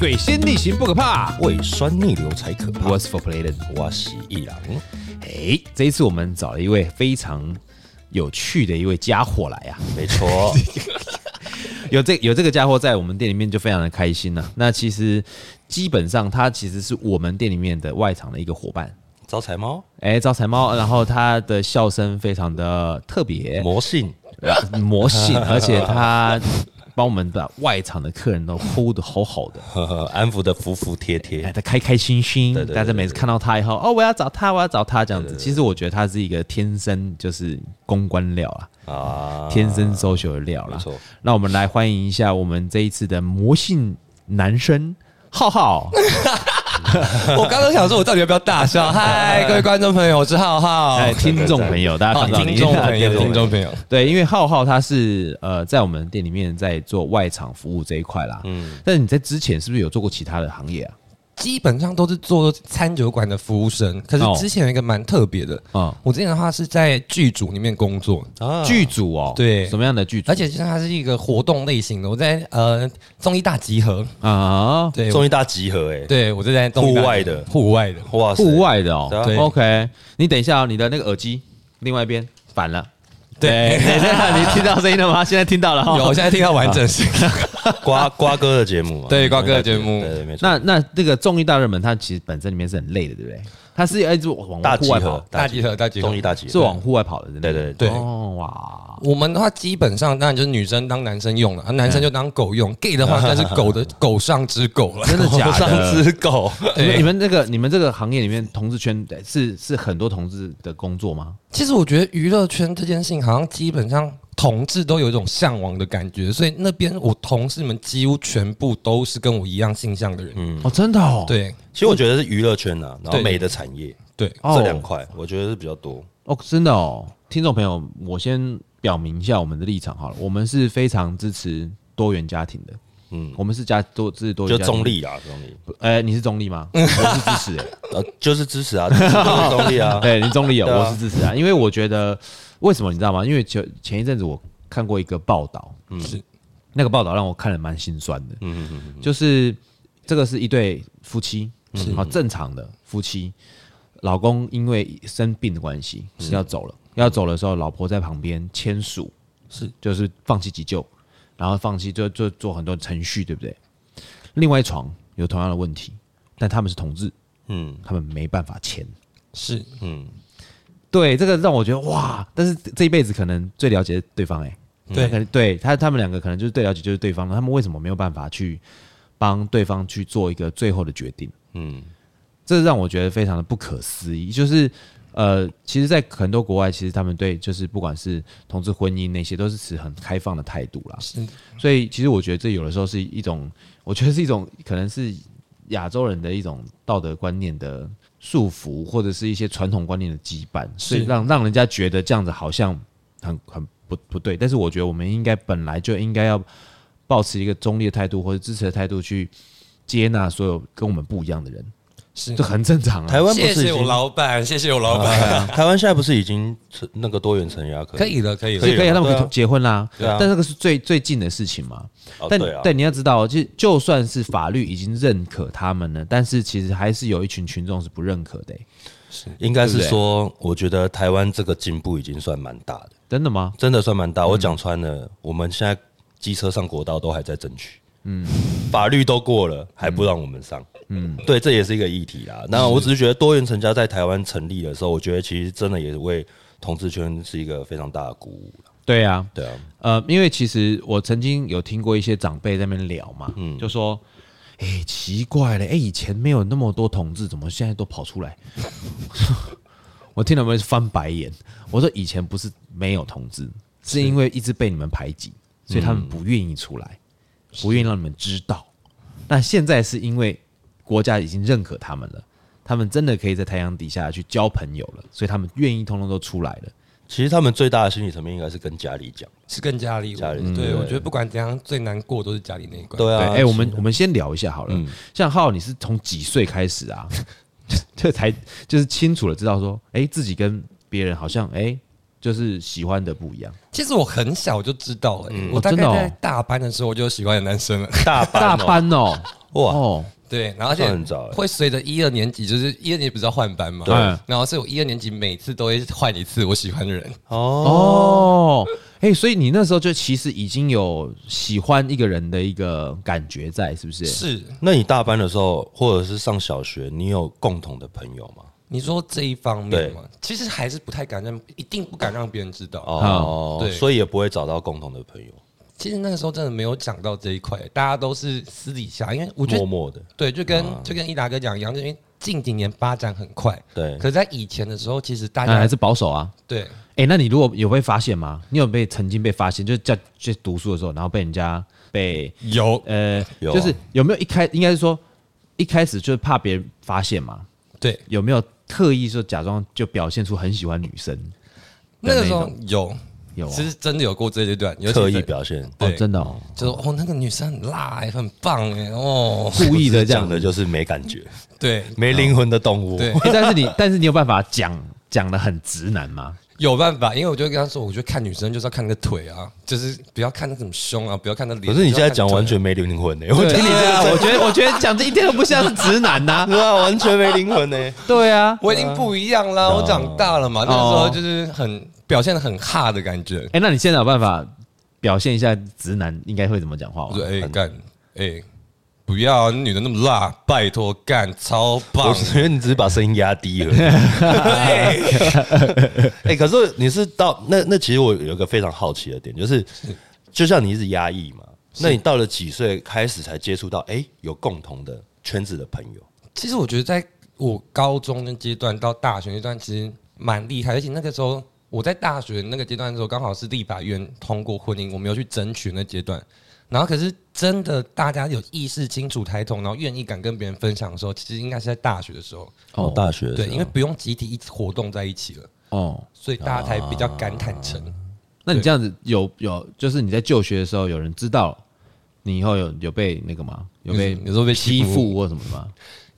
鬼仙逆行不可怕，胃酸逆流才可怕。What's for playing？我是義朗。哎、hey，這一次我們找了一位非常有趣的一位傢伙來呀、啊。沒錯， 有這有這個傢伙在我們店裡面就非常的開心了、啊。那其實基本上他其實是我們店裡面的外場的一個夥伴，招財貓。哎、欸，招財貓，然後他的笑聲非常的特別，魔性，呃、魔性， 而且他。 幫我們的外場的客人都呼得好好的，安撫得服服帖帖，的、哎哎、開開心心。但是每次看到他以後，哦，我要找他，我要找他這樣子對對對對。其實我覺得他是一個天生就是公關料啊，啊，天生 social 的料啦。那我們來歡迎一下我們這一次的魔性男生皓皓。 我剛剛想說，我到底要不要大笑？嗨，各位觀眾朋友，我是浩浩。哎，聽眾朋友，大家、哦、聽眾朋友，聽眾朋、朋友，對，因為浩浩他是呃，在我們店裡面在做外場服務這一塊啦。嗯，但是你在之前是不是有做過其他的行業啊？基本上都是做餐酒館的服務生，可是之前有一個蠻特別的啊、哦，我之前的話是在劇組裡面工作，劇、啊、組哦，對，什麼樣的劇組？而且它是一個活動類型的，我在呃綜藝大集合啊，對，綜藝大集合，哎、哦，對，對我就、欸、在戶外的，戶外的，哇，戶外的哦對對對對，OK，你等一下、哦，你的那個耳機另外一邊反了，對，對 等一下，你聽到聲音了嗎？ 現在聽到了、哦，有，我現在聽到完整聲音。 好 瓜瓜哥的節目嘛，對瓜哥的節目，對沒錯。那那那個綜藝大熱門，它其實本身裡面是很累的，對不對？它是一直往戶外跑的，大集合，大集合，大集合，綜藝大集合是往戶外跑的，對對對。哇，我們的話基本上，當然就是女生當男生用了，男生就當狗用、嗯、，gay 的話，那是狗的狗上隻狗了， 真的假的上隻狗。你們那個你們這個行業裡面，同志圈是是很多同志的工作嗎？其實我覺得娛樂圈這件事情，好像基本上。同志都有一種嚮往的感覺，所以那邊我同事們幾乎全部都是跟我一樣性向的人。嗯，哦，真的哦，對，其實我覺得是娛樂圈吶，啊，然後美的產業，對，對，對，對，這兩塊我覺得是比較多。哦，哦，真的哦，聽眾朋友，我先表明一下我們的立場好了，我們是非常支持多元家庭的。嗯，我們是加多自持多，就中立啊，中立。哎、欸，你是中立嗎？我是支持、欸， 呃，就是支持啊，就是、就是中立啊。哎、欸，你中立有、啊，我是支持啊，因為我覺得為什麼你知道嗎？因為前前一陣子我看過一個報道、嗯，是那個報道讓我看了蠻心酸的。嗯嗯嗯，就是這個是一對夫妻，好正常的夫妻，老公因為生病的關係是要走了、嗯，要走的時候，老婆在旁邊簽署，是就是放棄急救。然後放棄就就做很多程序，對不對？另外一床有同樣的問題，但他們是同志，嗯，他們沒辦法簽，是，嗯，對，這個讓我覺得哇！但是這一輩子可能最了解對方、欸，哎、嗯，對，可能對他他們兩個可能就是最了解就是對方了。他們為什麼沒有辦法去幫對方去做一個最後的決定？嗯，這讓我覺得非常的不可思議，就是。呃，其實，在很多國外，其實他們對就是不管是同志婚姻那些，都是持很開放的態度啦。是，所以其實我覺得這有的時候是一種，我覺得是一種可能是亞洲人的一種道德觀念的束縛，或者是一些傳統觀念的羈絆，是讓讓人家覺得這樣子好像很很不不對。但是，我覺得我們應該本來就應該要保持一個中立的態度，或者支持的態度去接納所有跟我們不一樣的人。是、啊、就很正常啊。台灣不是有謝謝老闆，謝謝我老闆。謝謝老啊、 台灣現在不是已經成那個多元成家可以了，可以了可以可以讓我們結婚啦、啊啊。但那個是最最近的事情嘛？哦、但但你、啊、你要知道，就就算是法律已經認可他們了，但是其實還是有一群群眾是不認可的、欸。應該是說對對，我覺得台灣這個進步已經算蠻大的。真的嗎？真的算蠻大。我講穿了、嗯，我們現在機車上國道都還在爭取。嗯，法律都過了，還不讓我們上。嗯嗯，對，這也是一個議題啦。那我只是覺得多元成家在台灣成立的時候，我覺得其實真的也是為同志圈是一個非常大的鼓舞。對啊，對啊，呃，因為其實我曾經有聽過一些長輩在那邊聊嘛、嗯，就說：“哎、欸，奇怪了，哎、欸，以前沒有那麼多同志，怎麼現在都跑出來？” 我聽他們翻白眼。我說：“以前不是沒有同志，是因為一直被你們排擠，所以他們不願意出來，嗯、不願意讓你們知道。那現在是因為。”國家已經認可他們了，他們真的可以在太陽底下去交朋友了，所以他們願意通通都出來了。其實他們最大的心理層面應該是跟家裡講，是跟家裡。家裡、嗯，對，對，對我覺得不管怎樣，最難過都是家裡那一關。對啊，哎、欸，我們我們先聊一下好了。嗯、像浩，你是從幾歲開始啊？這、嗯、才就是清楚了，知道說，哎、欸，自己跟別人好像，哎、欸，就是喜歡的不一樣。其實我很小就知道了、欸嗯，我大概在大，大，大班的時候我就喜歡男生了。大班哦、喔。大班喔哇，哦，對，然後而且會隨着一二年級，就是一二年級不是要換班嘛，對，然後所以我一二年級每次都會換一次我喜歡的人哦。哦，哎、 欸，所以你那時候就其實已經有喜歡一個人的一個感覺在，是不是？是。那你大班的時候，或者是上小學，你有共同的朋友嗎？你說這一方面嗎，其實還是不太敢讓，一定不敢讓別人知道。哦、嗯，對，所以也不會找到共同的朋友。其實那個時候真的沒有講到這一塊，大家都是私底下，因為我覺得默默的對，就跟就跟義朗哥講一樣，因為近幾年發展很快，對。可是在以前的時候，其實大家、啊、還是保守啊，對。哎、欸，那你如果有被發現嗎？你有被曾經被發現，就叫就讀書的時候，然後被人家被有呃有、啊，就是有沒有一開應該是說一開始就怕別人發現嘛？對，有沒有特意說假裝就表現出很喜歡女生那，那個時候有。其實真的有過這一段，特意表現對、哦，真的哦，就是哦，那個女生很辣、欸，也很棒哎、欸、哦，故意的這樣的就是沒感覺，對，沒靈魂的動物。哦、對、欸，但是你但是你有辦法講講得很直男嗎？ 有辦法，因為我就跟他說，我覺得看女生就是要看個腿啊，就是不要看那種胸啊，不要看那臉。可是你現在講完全沒靈魂哎、欸，我覺得、啊、我聽你這樣， 我覺得我覺得講這一點都不像是直男吶、啊，是 吧、啊？完全沒靈魂哎、欸，對啊，我已經不一樣啦，啊、我長大了嘛，哦、那時候就是很。表現的很哈的感覺，哎、欸，那你現在有辦法表現一下直男應該會怎麼講話嗎？對、欸，哎幹，哎、欸，不要、啊、那女的那麼辣，拜托幹，超棒。我覺得你只是把聲音壓低了。哎、 欸 欸，可是你是到那那其實我有一個非常好奇的點，就是,是就像你一直壓抑嘛，那你到了幾歲開始才接觸到？哎、欸，有共同的圈子的朋友。其實我覺得，在我高中的階段到大學階段，其實蠻厲害，而且那個時候。我在大學那個階段的時候，剛好是立法院通過婚姻，我沒有去爭取那階段。然後可是真的，大家有意識清楚抬頭，然後願意敢跟別人分享的時候，其實應該是在大學的時候。哦，哦大學的時候對，因為不用集體一直活動在一起了。哦，所以大家才比較敢坦誠。啊、那你這樣子有有，就是你在就學的時候，有人知道你以後有有被那個嗎？有被有時候被欺負或什麼嗎？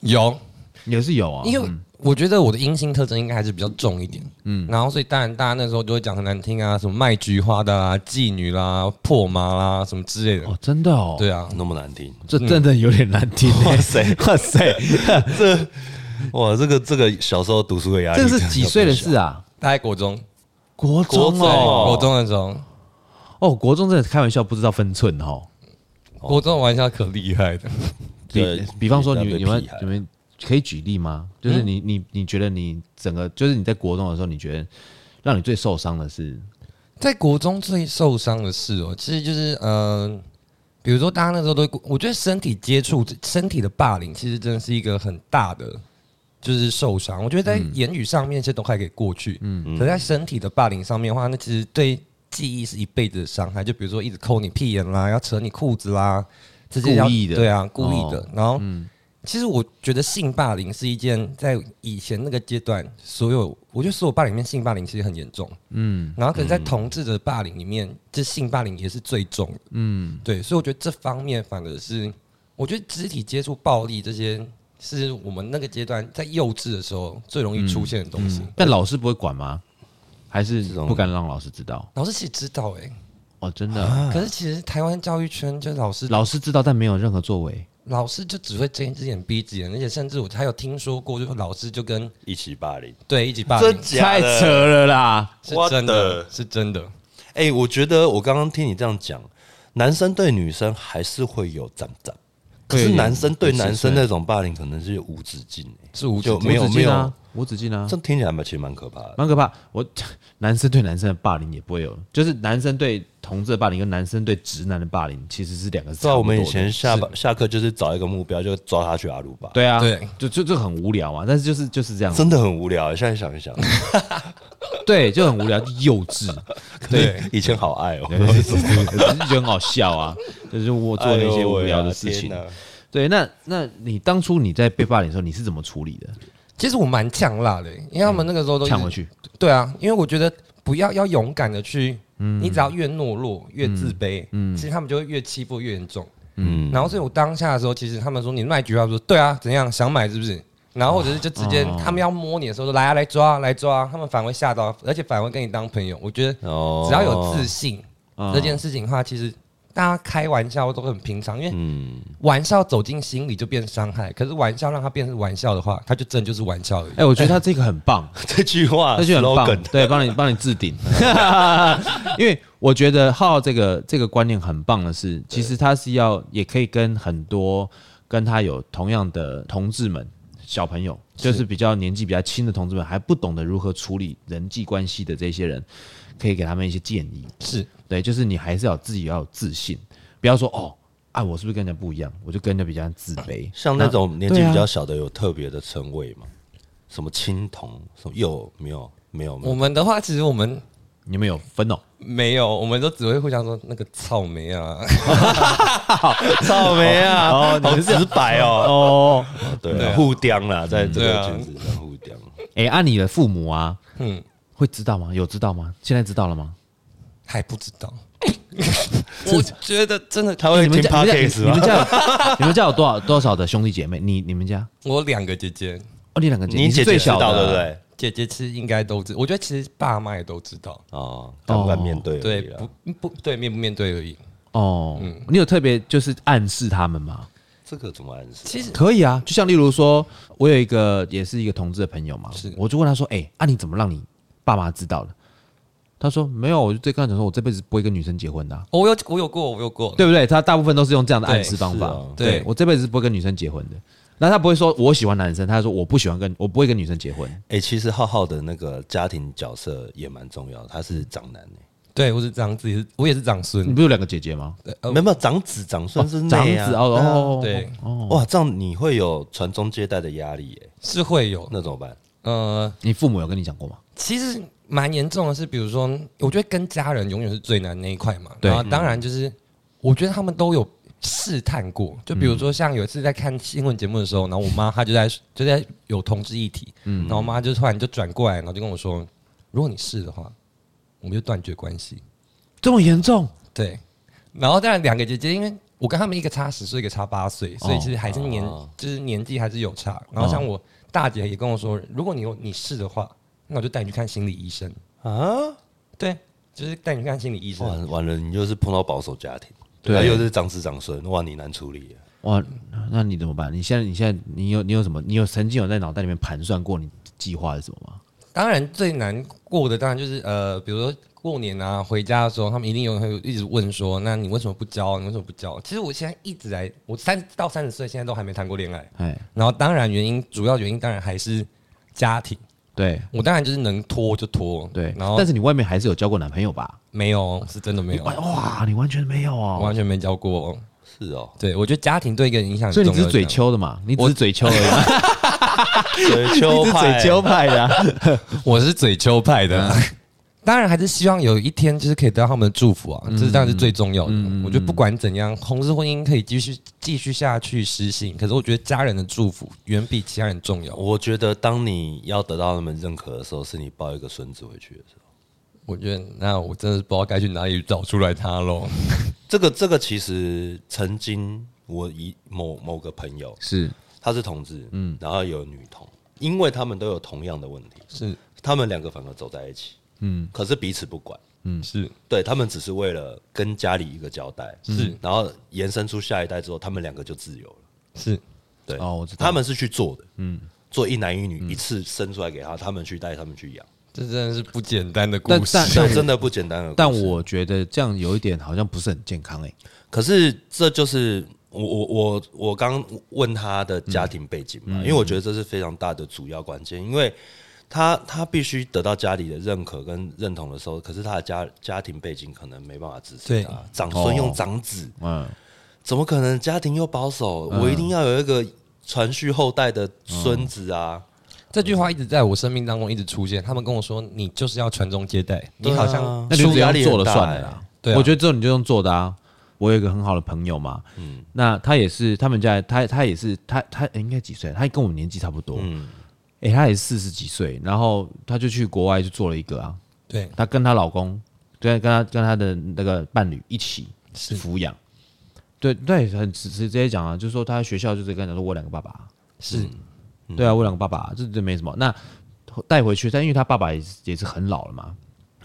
有也是有啊。有嗯我覺得我的陰性特徵應該還是比較重一點，嗯，然後所以當然大家那時候就會講很難聽啊，什麼賣菊花的啊，妓女啦、破媽啦，什麼之類的。哦，真的哦。對啊，那麼難聽，這真的有點難聽。哇塞，哇塞， 這哇這個這個小時候讀書的壓力，這是幾歲的事啊？大概國中，國中國中那種。哦，國中真的開玩笑不知道分寸哈。國中玩笑可厲害的，對，對，對，比方說你你們你們。可以舉例嗎？就是你、嗯、你你覺得你整個就是你在國中的時候，你覺得讓你最受傷的是在國中最受傷的事哦、喔，其實就是嗯、呃，比如說大家那時候都，我覺得身體接觸、身體的霸凌，其實真的是一個很大的就是受傷。我覺得在言語上面其實都還可以過去，嗯，可是在身體的霸凌上面的話，那其實對記憶是一輩子的傷害。就比如說一直摳你屁眼啦，要扯你褲子啦，這些要故意的，對啊，故意的，哦、然後。嗯。其實我覺得性霸凌是一件在以前那個階段，所有我覺得所有霸凌裡面性霸凌其實很嚴重，嗯，嗯，然後可能在同志的霸凌裡面，這性霸凌也是最重，嗯，對，所以我覺得這方面反而是我覺得肢體接觸暴力這些是我們那個階段在幼稚的時候最容易出現的東西，嗯嗯嗯。但老師不會管嗎？還是這種不敢讓老師知道？老師其實知道，欸，哎，哦，真的。 可是其實台灣教育圈就是老師老師知道，但沒有任何作為。老師就只會睜一隻眼閉一隻眼，而且甚至我還有聽說過，就老師就跟一起霸凌，對一起霸凌真的，太扯了啦！是真的，的是真的。哎、欸，我覺得我剛剛聽你這樣講，男生對女生還是會有讚讚，可是男生對男生那種霸凌可能是無止境、欸，是無止境就沒有沒有。我只記得、啊、這聽起來其實蠻可怕的，蠻可怕。我男生對男生的霸凌也不會有，就是男生對同志的霸凌跟男生對直男的霸凌其實是兩個。在我們以前下下課就是找一個目標就抓他去阿魯巴。對啊，對，就就就很無聊啊。但是就是就是這樣，真的很無聊、啊。現在想一想， 對，就很無聊，幼稚。 對，以前好愛哦，只 是就覺得很好笑啊。就是我做那些無聊的事情。哎啊、對，那那你當初你在被霸凌的時候，你是怎麼處理的？其實我蠻嗆辣的，因為他們那個時候都嗆過去。對啊，因為我覺得不要要勇敢的去、嗯，你只要越懦弱越自卑，嗯，嗯，其實他們就會越欺負越嚴重，嗯。然後所以我當下的時候，其實他們說你賣菊花說，對啊，怎樣想買是不是？然後或者是就直接他們要摸你的時候說啊、哦、來啊來抓啊，來抓，啊。他們反而會嚇到，而且反而會跟你當朋友。我覺得只要有自信、哦、這件事情的話，其實。大家開玩笑都會很平常，因為嗯，玩笑走進心裡就變傷害，嗯。可是玩笑讓他變成玩笑的話，他就真的就是玩笑而已。哎、欸，我覺得他這個很棒，欸，這句話，這句很棒，對，幫你幫你置頂。 因為我覺得皓皓這個這個觀念很棒的是，其實他是要也可以跟很多跟他有同樣的同志們、小朋友，是就是比較年紀比較輕的同志們，還不懂得如何處理人際關係的這些人。可以給他們一些建議，是對，就是你還是要自己要有自信，不要說哦，啊，我是不是跟人家不一樣？我就跟人家比較自卑。像那種年紀比較小的，啊、有特別的稱謂嗎？什麼青銅？什麼有？沒有？沒有？我們的話，其實我們你們有分哦？沒有，我們都只會互相說那個草莓啊， 草莓啊， 哦，好你直白哦，哦， 哦對，啊對，啊、對，互相啦，在這個圈子裡面互相哎，按、 欸啊、你的父母啊， 嗯。會知道嗎？有知道嗎？現在知道了嗎？還不知道 。我覺得真的他會聽 podcast、欸、你，你， 你，你們家有你們家有多少多少的兄弟姐妹？你你們家？我兩個姐姐。哦，你兩個姐，你，姐姐你是最小的，對不對？姐姐其實應該都知，我覺得其實爸媽也都知道啊，但、哦、不然面對。對，不不，不對面不面對而已。哦，嗯、你有特別就是暗示他們嗎？這個怎麼暗示？其實可以啊，就像例如說，我有一個也是一個同志的朋友嘛，是，我就問他說：“哎、欸，啊你怎麼讓你？”爸媽知道了，他說沒有，我就跟他講說，我這輩子不會跟女生結婚的、啊。我有我有過，我有過，對不對？他大部分都是用這樣的暗示方法。對、哦、對，對我這輩子是不會跟女生結婚的。那他不會說我喜歡男生，他就說我不喜歡跟我不會跟女生結婚。哎、欸，其實浩浩的那個家庭角色也蠻重要，他是長男哎、欸。對，我是長子，我也是長孫。你不是有兩個姐姐嗎？沒、欸、有，沒、呃、有長子長孫是、哦、長子、啊、哦。對哦，哇，這樣你會有傳宗接代的壓力耶、欸。是會有是。那怎麼辦？呃，你父母有跟你講過嗎？其實蠻嚴重的是，比如說，我覺得跟家人永遠是最難的那一塊嘛。對，然後當然就是我覺得他們都有試探過。就比如說，像有一次在看新聞節目的時候，然後我媽她就在就在有同志議題，嗯，然後我媽就突然就轉過來，然後就跟我說：“如果你是的話，我們就斷絕關係。”這麼嚴重？對。然後當然兩個姐姐，因為我跟他們一個差十歲，一個差八歲，所以其實還是年就是年紀還是有差。然後像我大姐也跟我說：“如果你有你是的話。”那我就帶你去看心理醫生啊！對，就是帶你去看心理醫生。完了，你又是碰到保守家庭，對，啊、又是長子長孫，哇，你難處理、啊、哇，那你怎麼辦？你現在，你現在，你有你有什麼？你有曾經有在腦袋裡面盤算過你計劃是什麼嗎？當然，最難過的當然就是呃，比如說過年啊，回家的時候，他們一定有會一直問說，那你為什麼不交？你為什麼不交？其實我現在一直在，我三到三十歲，現在都還沒談過戀愛。哎，然後當然原因，主要原因當然還是家庭。對，我當然就是能拖就拖。對，然後但是你外面還是有交過男朋友吧？沒有，是真的沒有。哇，你完全沒有啊、哦，我完全沒交過。是哦，對，我覺得家庭對一個影響，所以你只是嘴秋的嘛？你只是嘴秋的， 嘴秋派， 嘴秋派的、啊， 我是嘴秋派的，啊 嘴秋派的啊。當然還是希望有一天就是可以得到他們的祝福啊，嗯、這是當然是最重要的。的、嗯。我覺得不管怎樣，同志婚姻可以繼續繼續下去實行。可是我覺得家人的祝福遠比其他人重要。我覺得當你要得到他們認可的時候，是你抱一個孫子回去的時候。我覺得那我真的是不知道該去哪裡找出來他嘍。這個這個其實曾經我一某某個朋友是他是同志，嗯，然後有女同、嗯，因為他們都有同樣的問題，是他們兩個反而走在一起。嗯，可是彼此不管，嗯是對他們只是為了跟家裡一個交代，是、嗯、然後延伸出下一代之後，他們兩個就自由了，是，對哦，我知道他們是去做的，嗯，做一男一女一次生出來給他，他們去帶，他們去養、嗯，這真的是不簡單的故事，嗯、但，但，但真的不簡單，的故事。但我覺得這樣有一點好像不是很健康哎、欸嗯，可是這就是我我我我剛問他的家庭背景嘛、嗯，因為我覺得這是非常大的主要關鍵，因為。他他必須得到家裡的認可跟認同的時候，可是他的家家庭背景可能沒辦法支持他。對長孫用長子、哦，嗯，怎麼可能家庭又保守、嗯，我一定要有一個傳續後代的孫子啊、嗯！這句話一直在我生命當中一直出現。他們跟我說，你就是要傳宗接代、啊，你好像孫子壓做了算了、欸。對、啊，我覺得這種你就用做的啊。我有一個很好的朋友嘛，嗯，那他也是他們家，他他也是他他、欸、應該幾歲？他跟我年紀差不多，嗯。誒、欸，她也四十幾歲，然後她就去國外就做了一個啊，對，她跟她老公，對，跟她跟她的那個伴侶一起撫養，對對，很直直接講啊，就是說她學校就是跟她說我兩個爸爸、啊，是、嗯，對啊，我兩個爸爸、啊，這這沒什麼，那帶回去，但因為她爸爸也也是很老了嘛，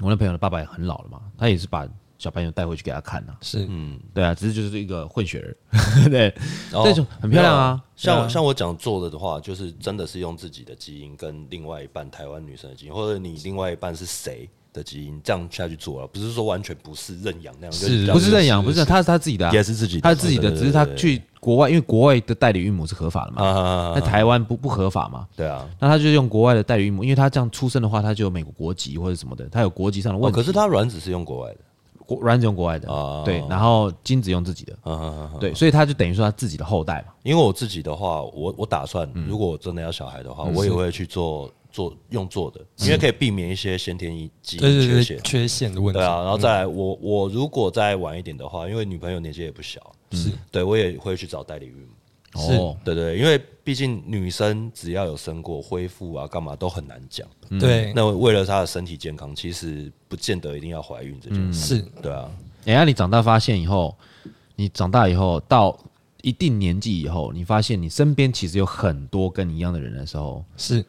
我那朋友的爸爸也很老了嘛，他也是把。小朋友帶回去給他看啊，是，是嗯，對啊，只是就是一個混血兒，對，這、哦、種很漂亮啊。啊像啊像我講做的的話，就是真的是用自己的基因跟另外一半台灣女生的基因，或者你另外一半是誰的基因，這樣下去做了，不是說完全不是認養那樣，就是不、就是認養？不是，不是，他是他自己的、啊，也是自己的、啊，他自己的，只是他去國外，因為國外的代理孕母是合法的嘛，在啊啊啊台灣不不合法嘛，對啊，那他就用國外的代理孕母，因為他這樣出生的話，他就有美國國籍或者什麼的，他有國籍上的問題，哦、可是他卵子是用國外的。國，卵子用國外的、啊，對，然後精子用自己的，啊啊啊啊、對，所以他就等於說他自己的後代嘛。因為我自己的話，我我打算，如果我真的要小孩的話，嗯、我也會去做做用做的、嗯，因為可以避免一些先天一基因缺陷、啊、對對對對缺陷的問題。對啊，然後再來我，我、嗯、我如果再晚一點的話，因為女朋友年紀也不小，是、嗯、對我也會去找代理孕。是，對，對對，因為畢竟女生只要有生過、恢復啊、幹嘛都很難講。對、嗯，那為了她的身體健康，其實不見得一定要懷孕。這件事，嗯、是對啊。哎、欸，等下、啊、你長大發現以後，你長大以後到一定年紀以後，你發現你身邊其實有很多跟你一樣的人的時候，是，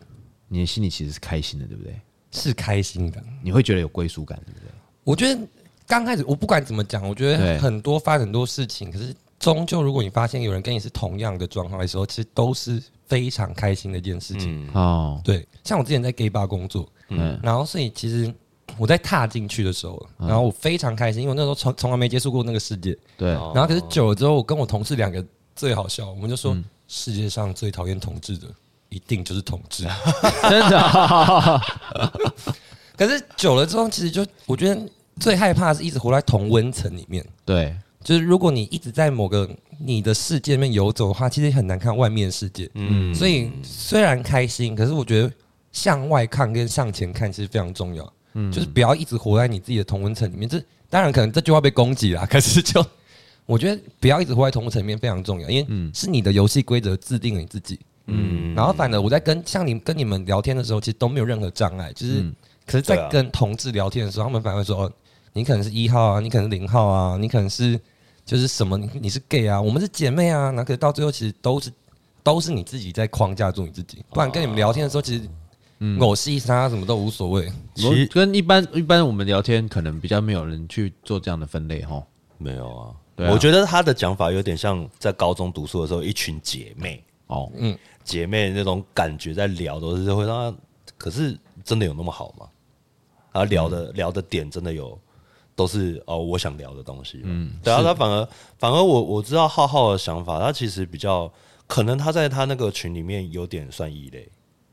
你的心裡其實是開心的，對不對？是開心的，你會覺得有歸屬感，對不對？我覺得剛開始我不管怎麼講，我覺得很多發生很多事情，可是。終究，如果你發現有人跟你是同樣的狀況的時候，其實都是非常開心的一件事情。哦、嗯，對，像我之前在 gay bar 工作，嗯，然後所以其實我在踏進去的時候，嗯、然後我非常開心，因為我那時候從從來沒接觸過那個世界。對，然後可是久了之後，我跟我同事兩個最好笑，我們就說、嗯、世界上最討厭同志的，一定就是同志。真的、哦， 可是久了之後，其實就我覺得最害怕的是一直活在同溫層裡面。對。就是如果你一直在某個你的世界裡面游走的話，其實很難看外面的世界。嗯，所以雖然開心，可是我覺得向外看跟向前看其實非常重要。嗯，就是不要一直活在你自己的同溫層裡面。這當然可能這句話被攻擊了，可是就、嗯、我覺得不要一直活在同溫層裡面非常重要，因為是你的遊戲規則制定了你自己。嗯，然後反而我在跟像你跟你們聊天的時候，其實都沒有任何障礙。就是、嗯、可是，在跟同志聊天的時候，啊、他們反而說：“你可能是一號啊，你可能是零號啊，你可能是號、啊。”就是什麼，你是 gay 啊，我們是姐妹啊，那可是到最後其實都是都是你自己在框架住你自己，不然跟你們聊天的時候，其實我是啥什麼都無所謂。其實跟一般一般我們聊天，可能比較沒有人去做這樣的分類哈。沒有啊，對啊，我覺得他的講法有點像在高中讀書的時候一群姐妹哦，嗯，姐妹那種感覺在聊都是會讓他，可是真的有那麼好嗎？啊，聊的、嗯、聊的點真的有。都是哦，我想聊的東西。嗯，對，然後、啊、他反而反而我我知道皓皓的想法，他其實比較可能他在他那個群裡面有點算異類，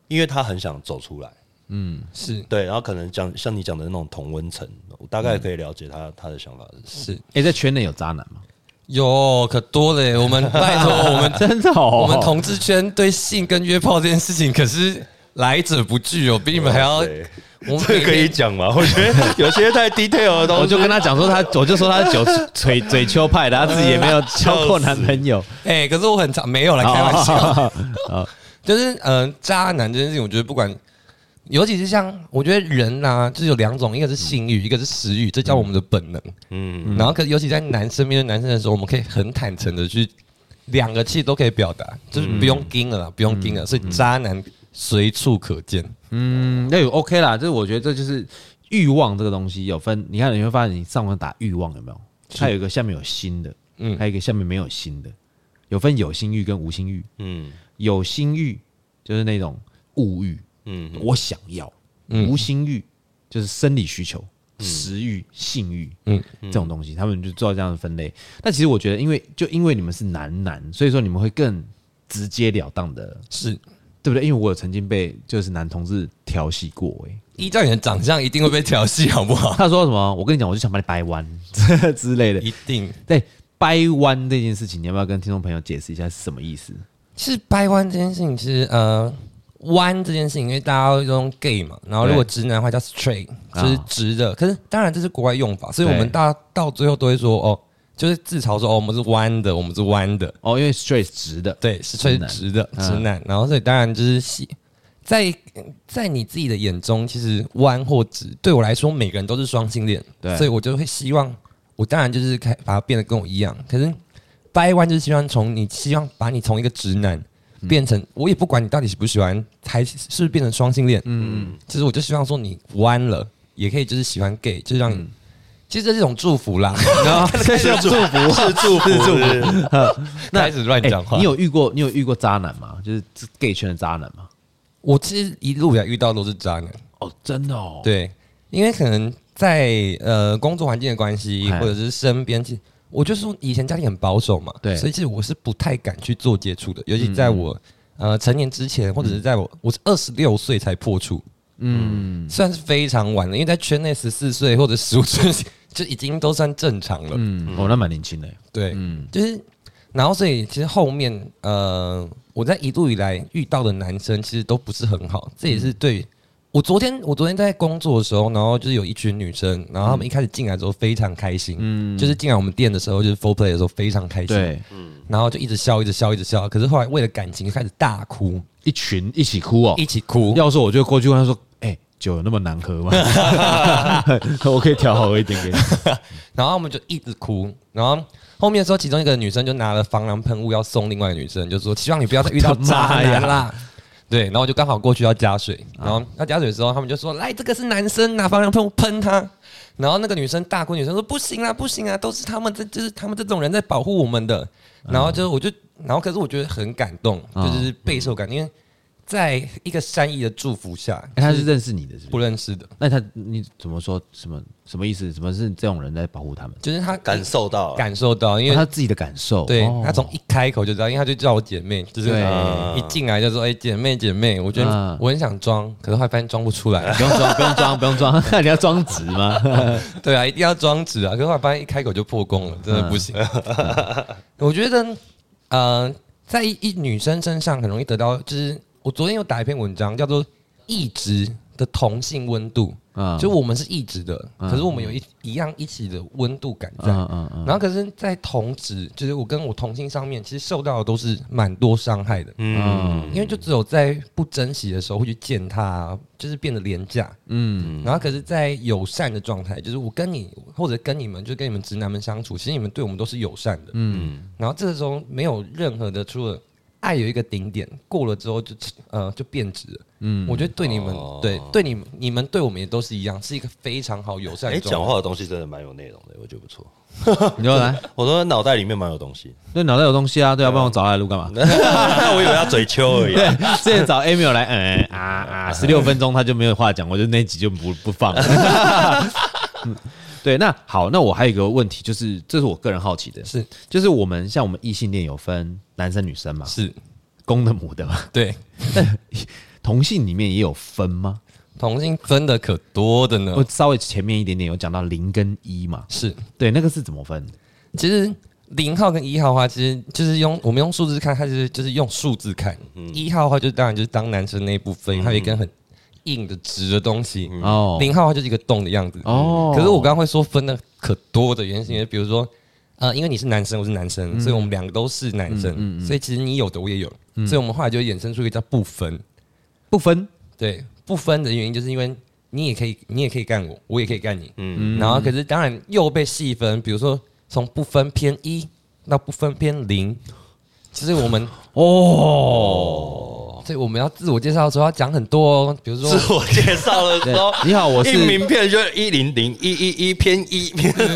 因為他很想走出來。嗯，是對，然後可能講像你講的那種同溫層，我大概可以了解他、嗯、他的想法、就是誒、欸，在圈內有渣男嗎？有，可多嘞、欸。我們拜託，我們 真的，好好好的，我們同志圈對性跟約炮這件事情可是。來者不拒，我比你們還要，okay，我們也可以講嘛。我覺得有些太 detail 的東西， 我就跟他講說他，我就說他是嘴嘴嘴丘派的，他自己也沒有交過男朋友。哎、 欸，可是我很長沒有來開玩笑啊，好好好 就是嗯、呃，渣男這件事情，我覺得不管，尤其是像我覺得人啊，就是有兩種，一個是性欲，嗯、一，個欲一個是食欲，這叫我們的本能。嗯，嗯然後可尤其在男生面對男生的時候，我們可以很坦誠的去兩個氣都可以表達，就是不用驚了啦、嗯，不用驚了，是、嗯、渣男。隨處可見，嗯，那有 OK 啦，就是我覺得這就是欲望這個東西有分，你看你會發現你上網打欲望有沒有？它有一個下面有心的，心的嗯，還有一個下面沒有心的，有分有心欲跟無心欲，嗯，有心欲就是那種物欲，嗯，我想要，嗯、無心欲就是生理需求、嗯、食欲、性欲，嗯，嗯，這種東西他們就做到這樣的分類。嗯嗯但其實我覺得，因為就因為你們是男男，所以說你們會更直截了當的，是，對不對？因為我有曾經被就是男同志調戲過，欸，哎，依照你的長相一定會被調戲，好不好？他說什麼？我跟你講，我就想把你掰彎，這之類的，一定。對，掰彎這件事情，你要不要跟聽眾朋友解釋一下是什麼意思？其實掰彎這件事情，其實呃，彎這件事情，因為大家都用 gay 嘛，然後如果直男的話叫 straight，哦，就是直的。可是當然這是國外用法，所以我們大家到最後都會說哦。就是自嘲說：“哦，我們是彎的，我們是彎的哦，因為 straight 直的，對，是 straight 直的直男，直男，直男，嗯。然後所以當然就是喜在在你自己的眼中，其實彎或直，對我來說每個人都是雙性戀。對，所以我就會希望我當然就是開把它變得跟我一樣。可是掰彎就是希望從你希望把你從一個直男變成，嗯，我也不管你到底喜不喜歡還是，是，不是變成雙性戀。嗯，其，嗯，實，就是，我就希望說你彎了，也可以就是喜歡 gay，就讓你。嗯其實這是一種祝福啦， 然後這 是祝福 是祝福，祝福。那開始亂講話、欸。你有遇過你有遇過渣男嗎？就是 gay 圈的渣男嗎？我其實一路來遇到的都是渣男哦，真的哦。對，因為可能在呃工作環境的關係，或者是身邊，其、okay. 實我就是說以前家裡很保守嘛，對，所以其實我是不太敢去做接觸的，尤其在我、嗯、呃成年之前，或者是在我、嗯、我是二十六歲才破處。嗯，嗯，算是非常晚了，因為在圈內十四歲或者十五歲就已經都算正常了。嗯，嗯哦，那蠻年輕的。對，嗯，就是，然後所以其實後面，呃，我在一路以來遇到的男生其實都不是很好，這也是對。我昨天我昨天在工作的時候，然後就是有一群女生，然後他們一開始進來之後非常開心，嗯，就是進來我們店的時候，就是 Fourplay 的時候非常開心，嗯，然後就一直笑，一直笑，一直笑，可是後來為了感情就開始大哭，一群一起哭哦，一,一起哭，要是我就過去問他說，哎、欸，酒有那麼難喝嗎？ 我可以調好一點給你。 然後我們就一直哭，然後後面的時候，其中一個女生就拿了防狼噴霧要送另外一個女生，就說希望你不要再遇到渣男啦。對，然後就剛好過去要加水，然後要加水的時候他們就說：“啊、來，這個是男生，拿防狼噴噴他。”然後那個女生大哭，女生說：“不行啊，不行啊，都是他們這，就是他們這種人在保護我們的。”然後就是，我就，然後可是我覺得很感動，嗯、就，就是備受感動、嗯、因為。在一個善意的祝福下，欸、他是認識你的是是，是不認識的。那他你怎麼說什麼？什麼意思？怎麼是這種人在保護他們？就是他感,感受到，感受到，因為、啊、他自己的感受。對、哦、他從一開口就知道，因為他就叫我姐妹，對就是一進來就說：“哎、欸，姐妹，姐妹。”我覺得我很想裝，可是後來發現裝不出來。不用裝，不用裝，不用裝，那 你要裝直嗎？ 對啊，一定要裝直啊！可是後來發現一開口就破功了，真的不行。啊、 我覺得，嗯、呃，在一女生身上很容易得到就是。我昨天有打一篇文章，叫做“異質的同性溫度 ”，uh, 就我們是異質的，uh, 可是我們有一一樣一起的溫度感在 uh, uh, uh, 然後可是，在同質，就是我跟我同性上面，其實受到的都是蠻多傷害的嗯嗯嗯，嗯，因為就只有在不珍惜的時候會去踐踏，就是變得廉價，嗯,嗯。然後可是，在友善的狀態，就是我跟你或者跟你們，就跟你們直男們相處，其實你們對我們都是友善的，嗯,嗯。然後這個時候沒有任何的除了。愛有一個頂點，過了之後就呃就變質。嗯，我覺得對你們，對、哦、對，對你們，你們對我們也都是一樣，是一個非常好友善。哎、欸，講話的東西真的蠻有內容的，我覺得不錯。你說來，我說腦袋裡面蠻有東西，對腦袋，袋有東西啊，對啊，幫我找他來錄幹嘛？ 我以為他嘴秋而已，啊。 對之前找 a 米爾來，嗯啊、嗯、啊，十、啊、六分鐘他就沒有話講，我就那集就不不放。 嗯對，那好，那我還有一個問題，就是這是我個人好奇的，是就是我們像我們異性戀有分男生女生嘛，是公的母的嘛？對， 同性裡面也有分嗎？同性分的可多的呢。我稍微前面一點點有講到零跟一嘛，是。對，那個是怎麼分？其實零號跟一號的話，其實就是用我們用數字看，它、就是就是用數字看。一、嗯、號的話，就當然就是當男生那一部分，它有一根很。硬的直的東西，零、嗯 oh. 號就是一個洞的樣子。哦、oh.，可是我剛剛會說分的可多的原因是因為比如說，呃，因為你是男生，我是男生，嗯、所以我們兩個都是男生、嗯嗯嗯，所以其實你有的我也有，嗯、所以我們後來就衍生出一個叫不分，不分，對，不分的原因就是因為你也可以，你也可以幹我，我也可以幹你，嗯，然後可是當然又被細分，比如說從不分偏一到不分偏零，其實我們 哦。所以我們要自我介紹的時候要講很多，哦，比如說自我介紹的時候， 你好，我是名片就是一零零一一一偏一偏，對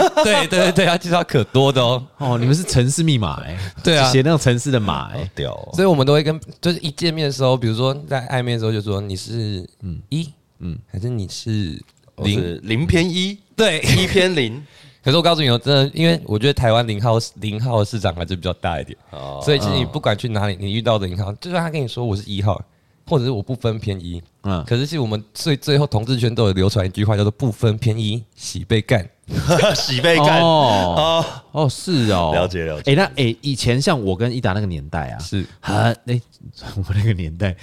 對對對，要介紹可多的哦。哦，你們是程式密碼，欸，對啊，寫那種程式的碼，欸，屌啊。所以我們都會跟就是一見面的時候，比如說在曖昧的時候就說你是 1, 嗯一嗯，還是你是零零偏一，對一偏零。 可是我告訴你，我真的，因為我覺得台灣零號零號的市場還是比較大一點、哦，所以其實你不管去哪裡，你遇到的零號，就算他跟你說我是一號，或者是我不分偏一嗯，可是是我們最最後同志圈都有流傳一句話，叫做不分偏一洗被幹，洗被幹， 哦哦，哦是哦，了解了解，哎、欸、那哎、欸、以前像我跟伊達那個年代啊，是啊哎、欸、我那個年代。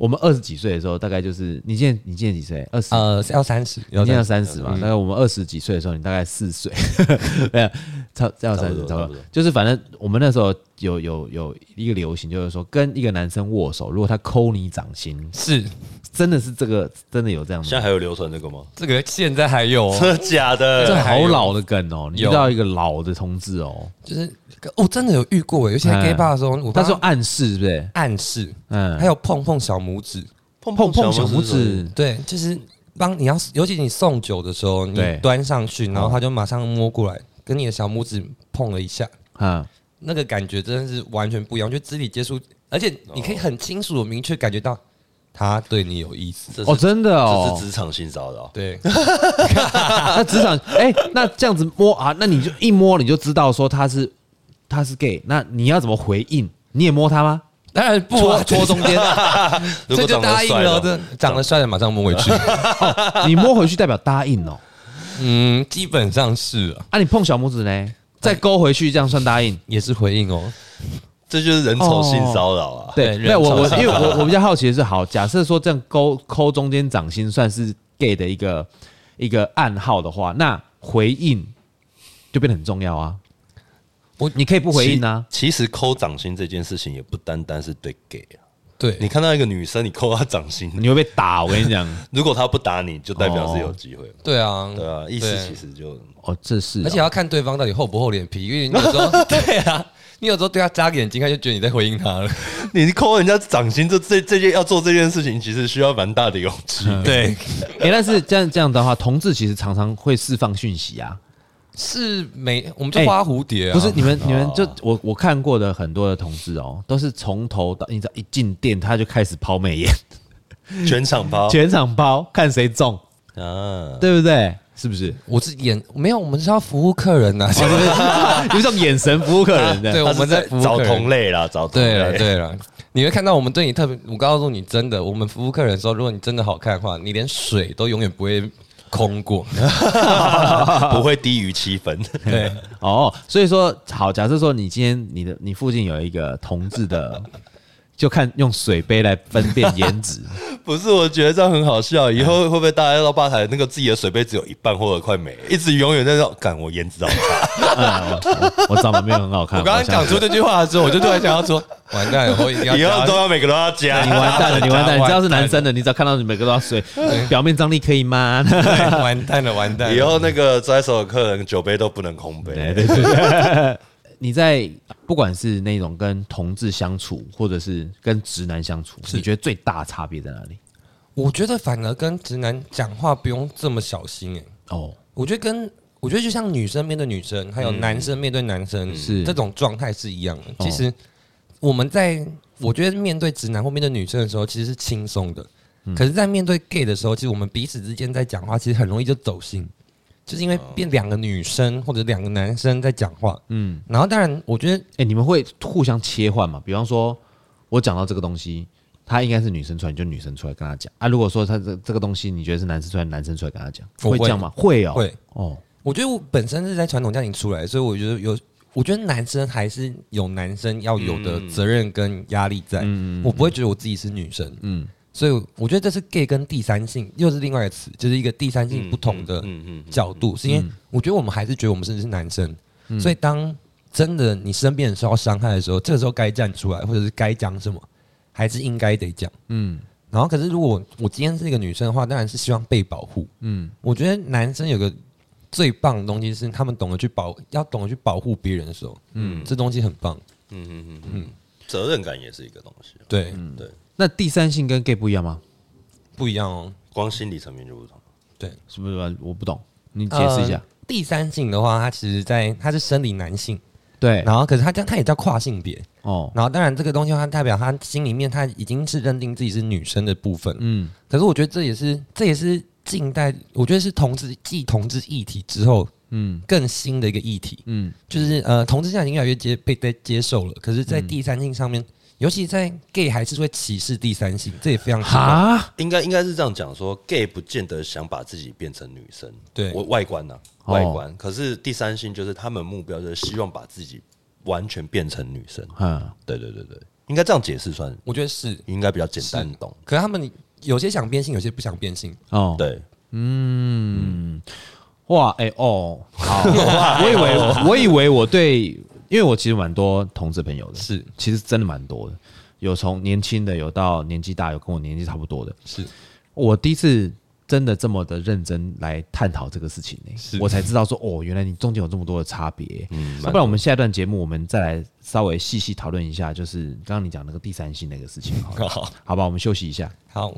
我們二十幾歲的時候，大概就是你現在你現在幾歲？二十呃要三十，你現在要三十嘛？大概我們二十幾歲的時候，你大概四歲。呵呵 超這樣超就是反正我們那時候有有有一個流行，就是說跟一個男生握手，如果他摳你掌心，是真的是這個真的有這樣嗎？現在還有流傳這個嗎？這個現在還有，真的假的，這好老的梗哦、喔。你知道一個老的同志哦，就是哦，真的有遇過，尤其在 gay bar 的時候，嗯、我他說暗示，對不對？暗示，嗯，還有碰碰小拇指，碰碰小、小拇指，對，就是幫你要，尤其你送酒的時候，你端上去，然後他就馬上摸過來。跟你的小拇指碰了一下，啊，那個感覺真的是完全不一樣，就肢體接觸，而且你可以很清楚的、oh. 明確感覺到他對你有意思。哦，真的哦，這是職場性騷擾、哦。對， 那職場，哎、欸，那這樣子摸啊，那你就一摸你就知道說他是他是 gay，那你要怎麼回應？你也摸他嗎？當、啊、然不，戳，戳中間，這 就答應了，這長得帥的，的馬上摸回去、 哦，你摸回去代表答應哦。嗯，基本上是啊。啊，你碰小拇指呢，再勾回去，這樣算答應、哎，也是回應哦。這就是人醜性騷擾啊。哦、對人人醜性，因為我我因為我我比較好奇的是，好，假設說這樣勾摳中間掌心算是 gay 的一個一個暗號的話，那回應就變得很重要啊。我你可以不回應啊。其，其實摳掌心這件事情也不單單是對 gay 啊。對，你看到一個女生，你扣她掌心，你會被打。我跟你講， 如果她不打你，就代表是有機會、哦。對啊，對啊，意思其實就哦，這是、啊，而且要看對方到底厚不厚臉皮。因為你有時候， 對啊，你有時候對她眨眼睛，她就覺得你在回應她了。你扣人家掌心這，這這這要做這件事情，其實需要蠻大的勇氣、嗯。對、 欸，但是這樣這樣的話，同志其實常常會釋放訊息啊。是美，我們叫花蝴蝶、啊欸、不是你們，你們就我我看過的很多的同志哦，都是從頭到，你知道，一進店他就開始拋媚眼，全場拋，全場拋，看誰中啊，對不對？是不是？我是眼沒有，我們是要服務客人吶、啊，是 不是？ 不是用眼神服務客人，對，我們在找同類啦，找同類，對了、啊，對了、啊， 你會看到我們對你特別，我告訴你，真的，我們服務客人的時候，如果你真的好看的話，你連水都永遠不會。空過 不會低於七分。 對，哦，所以說，好，假設說你今天你的你附近有一個同志的。就看用水杯來分辨顏值， 不是？我覺得這樣很好笑。以後會不會大家要到吧台那個自己的水杯只有一半或者，快沒了，一直永遠在說“幹我顏值好差，我長得沒有很好看”。我剛剛講出這句話的時候，我就突然想要說：“完蛋，以後以後都要每個都要講。”你完蛋了，你完蛋！只要是男生的，你只要看到你每個都要水，表面張力可以嗎？完蛋了，完蛋！以後那個在場的客人酒杯都不能空杯。 你在不管是那種跟同志相處，或者是跟直男相處，你覺得最大差別在哪裡？我覺得反而跟直男講話不用這麼小心誒。哦，我覺得跟我覺得就像女生面對女生，還有男生面對男生是這種狀態是一樣的。其實我們在我覺得面對直男或面對女生的時候，其實是輕鬆的。可是，在面對 gay 的時候，其實我們彼此之間在講話，其實很容易就走心。就是因為變兩個女生或者兩個男生在講話，嗯，然後當然，我覺得，誒、欸，你們會互相切換嘛？比方說我講到這個東西，他應該是女生出來，你就女生出來跟他講啊。如果說他這這個東西，你覺得是男生出來，男生出來跟他講，會這樣嗎？會哦、喔，哦，我覺得我本身是在傳統家庭出來，所以我覺得有，我覺得男生還是有男生要有的責任跟壓力在，嗯，我不會覺得我自己是女生，嗯。嗯嗯所以我覺得這是 gay 跟第三性又是另外一個詞，就是一個第三性不同的角度。嗯嗯嗯嗯嗯。是因為我覺得我們還是覺得我們甚至是男生，嗯，所以當真的你身邊人受到傷害的時候，這個時候該站出來，或者是該講什麼，還是應該得講。嗯，然後可是如果我今天是一個女生的話，當然是希望被保護。嗯，我覺得男生有個最棒的東西是他們懂得去保，要懂得去保護別人的時候，嗯，這東西很棒。嗯嗯嗯嗯，責任感也是一個東西啊。對，嗯，對。那第三性跟 gay 不一樣嗎？不一樣哦，光心理層面就不同。對，是不是？我不懂，你解釋一下、呃。第三性的話，它其實在它是生理男性，對。然後，可是它叫它也叫跨性別哦。然後，當然這個東西它代表他心裡面它已經是認定自己是女生的部分。嗯。可是我覺得這也是這也是近代，我覺得是同志繼同志議題之後，嗯，更新的一個議題。嗯，就是呃，同志現在已經越來越接被被接受了。可是，在第三性上面。嗯尤其在 gay 還是會歧視第三性，這也非常好，應該應該是這樣講，說 gay 不見得想把自己變成女生，對，我外觀啊、哦，外觀。可是第三性就是他們目標就是希望把自己完全變成女生。嗯、啊，對對對對，應該這樣解釋算，我覺得是應該比較簡單是懂。是，可是他們有些想變性，有些不想變性。哦，對，嗯，嗯哇，哎、欸、哦，好， 我以為我，我以為我對。因為我其實蠻多同志朋友的，是，其實真的蠻多的，有從年輕的，有到年紀大，有跟我年紀差不多的，是。我第一次真的這麼的認真來探討這個事情呢、欸，我才知道說，哦，原來你中間有這麼多的差別、欸，嗯。啊、不然我們下一段節目，我們再來稍微細細討論一下，就是剛剛你講那個第三性那個事情好，好，好，好吧，我們休息一下，好。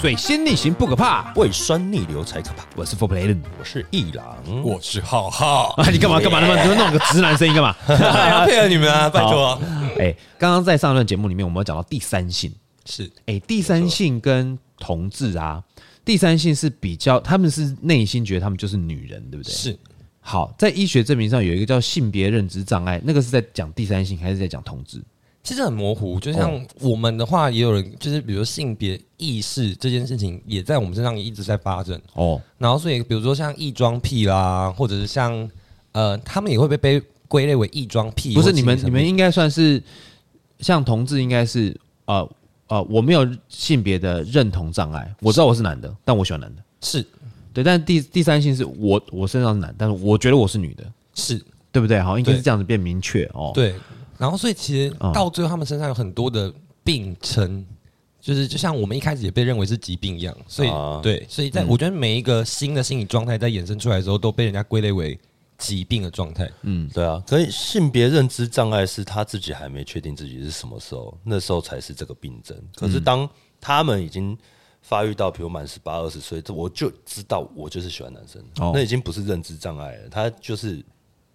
水先逆行不可怕，胃酸逆流才可怕。我是 Fourplay Allen，我是義朗，我是浩浩。啊，你幹嘛幹嘛呢、欸？怎麼弄個直男聲音幹嘛？ 配合你們啊，拜託。哎，剛、欸、剛在上一段節目裡面，我們有講到第三性，是哎、欸，第三性跟同志啊，第三性是比較，他們是內心覺得他們就是女人，對不對？是。好，在醫學證明上有一個叫性別認知障礙，那個是在講第三性，還是在講同志？其實很模糊，就像我們的話，也有人、哦、就是，比如性別意識這件事情，也在我們身上一直在發生哦。然後所以，比如說像異裝癖啦，或者是像呃，他們也會被被歸類為異裝癖。不是你們，你們應該算是像同志，應該是啊啊，我沒有性別的認同障礙，我知道我是男的，但我喜歡男的，是對。但第第三性是我，我身上是男，但是我覺得我是女的，是對不對？好、哦，應該是這樣子變明確哦。對。然後，所以其實到最後，他們身上有很多的病徵，就是就像我們一開始也被認為是疾病一樣。所以、啊，對，所以在我覺得每一個新的心理狀態在衍生出來的時候，都被人家歸類為疾病的狀態。嗯，對啊。所以性別認知障礙是他自己還沒確定自己是什麼時候，那時候才是這個病症。可是當他們已經發育到譬如，比如滿十八、二十歲，這我就知道我就是喜歡男生，哦、那已經不是認知障礙了，他就是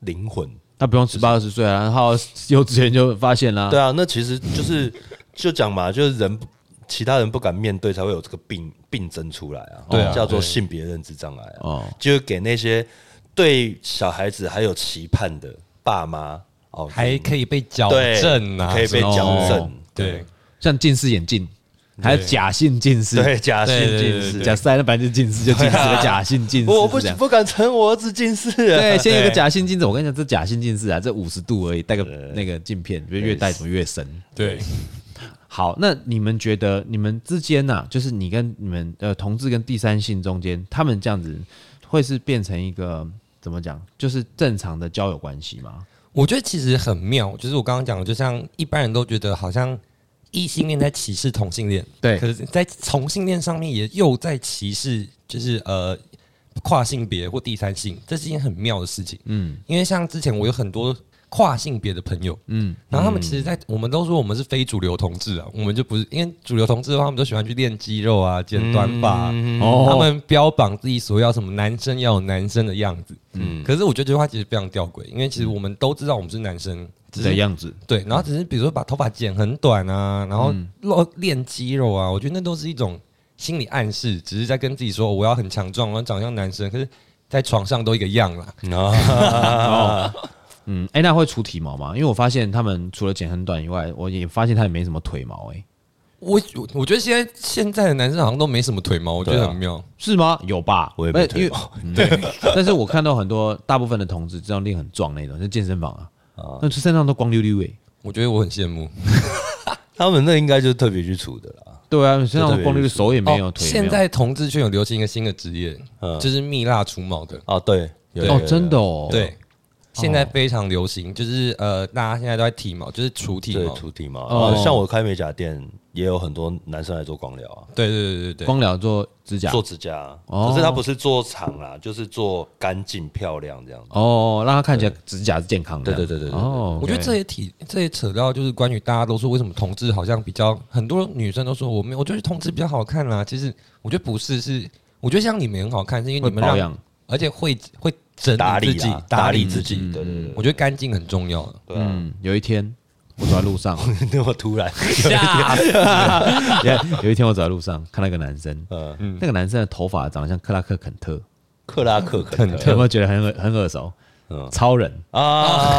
靈魂。那、啊、不用十八二十歲啊，然後又之前就發現啦，啊。嗯，對啊，那其實就是就講嘛，就是人其他人不敢面對，才會有這個病病症出來啊。對，哦，叫做性別認知障礙啊，啊哦，就給那些對小孩子還有期盼的爸媽哦，還可以被矯正啊，可以被矯正。哦，對，像近視眼鏡。還有假性近視，對，假性近視，假塞了反正近視、就近視，假性近視。啊、我不不敢承認我兒子近視，啊。對，先有個假性近視，我跟你講，這假性近視啊，這五十度而已，戴個那個鏡片，就越戴怎麼越深。對，好，那你們覺得你們之間吶、啊，就是你跟你們的、呃、同志跟第三性中間，他們這樣子會是變成一個怎麼講？就是正常的交友關係嗎？我覺得其實很妙，就是我剛剛講的，就像一般人都覺得好像。異性戀在歧視同性戀，對，可是，在同性戀上面也又在歧視，就是呃，跨性別或第三性，這是一件很妙的事情。嗯，因為像之前我有很多跨性別的朋友，嗯，然後他們其實，在我們都說我們是非主流同志啊，我們就不是，因為主流同志的話，他們都喜歡去練肌肉啊、剪短髮啊，嗯，他們標榜自己所要什麼男生要有男生的樣子。嗯，可是我覺得這句話其實非常弔詭，因為其實我們都知道我們是男生。是的樣子對，然後只是比如說把頭髮剪很短啊，嗯、然後練肌肉啊，我覺得那都是一種心理暗示，只是在跟自己說，我要很強壯，我要長得像男生，可是，在床上都一個樣了。嗯，哎、啊 哦嗯欸，那會出體毛嗎？因為我發現他們除了剪很短以外，我也發現他也沒什麼腿毛、欸。哎，我我，我覺得現在現在的男生好像都沒什麼腿毛，我覺得很妙，啊、是嗎？有吧？我也沒有腿毛、欸對。對，但是我看到很多大部分的同志這樣練很壯那種，就健身房啊。啊、uh,，那身上都光溜溜誒、欸，我覺得我很羨慕。 他們那應該就是特別去除的啦。對啊，身上光溜溜，手也沒有、哦、也沒有。現在同志圈有流行一個新的職業、嗯，就是蜜蠟除毛的。嗯，就是蜜蠟除毛的嗯、哦，對，對，哦，真的哦，對，現在非常流行，就是、哦、呃，大家現在都在剃毛，就是除體毛，對除體毛、哦啊。像我開美甲店，也有很多男生來做光療啊，對對對對光療做指甲，做指甲，啊，哦、可是他不是做長啊，就是做乾淨漂亮這樣子哦，哦，讓他看起來指甲是健康的對對對對對，哦，對對對對哦，okay、我覺得這也提，這也扯到就是關於大家都說為什麼同志好像比較，很多女生都說我，我覺得同志比較好看啦，啊，其實我覺得不是，是，是我覺得像你們很好看，是因為你們保養，而且會會整自理，啊、理自己，打理自己，嗯、對對對，我覺得乾淨很重要啊對。嗯，有一天。我走在路上， 那麼突然 有，一天、啊、 有一天我走在路上，看到一個男生，嗯，那個男生的頭髮長得像克拉克·肯特，克拉克·肯特有沒有覺得很很耳熟？嗯？超人啊。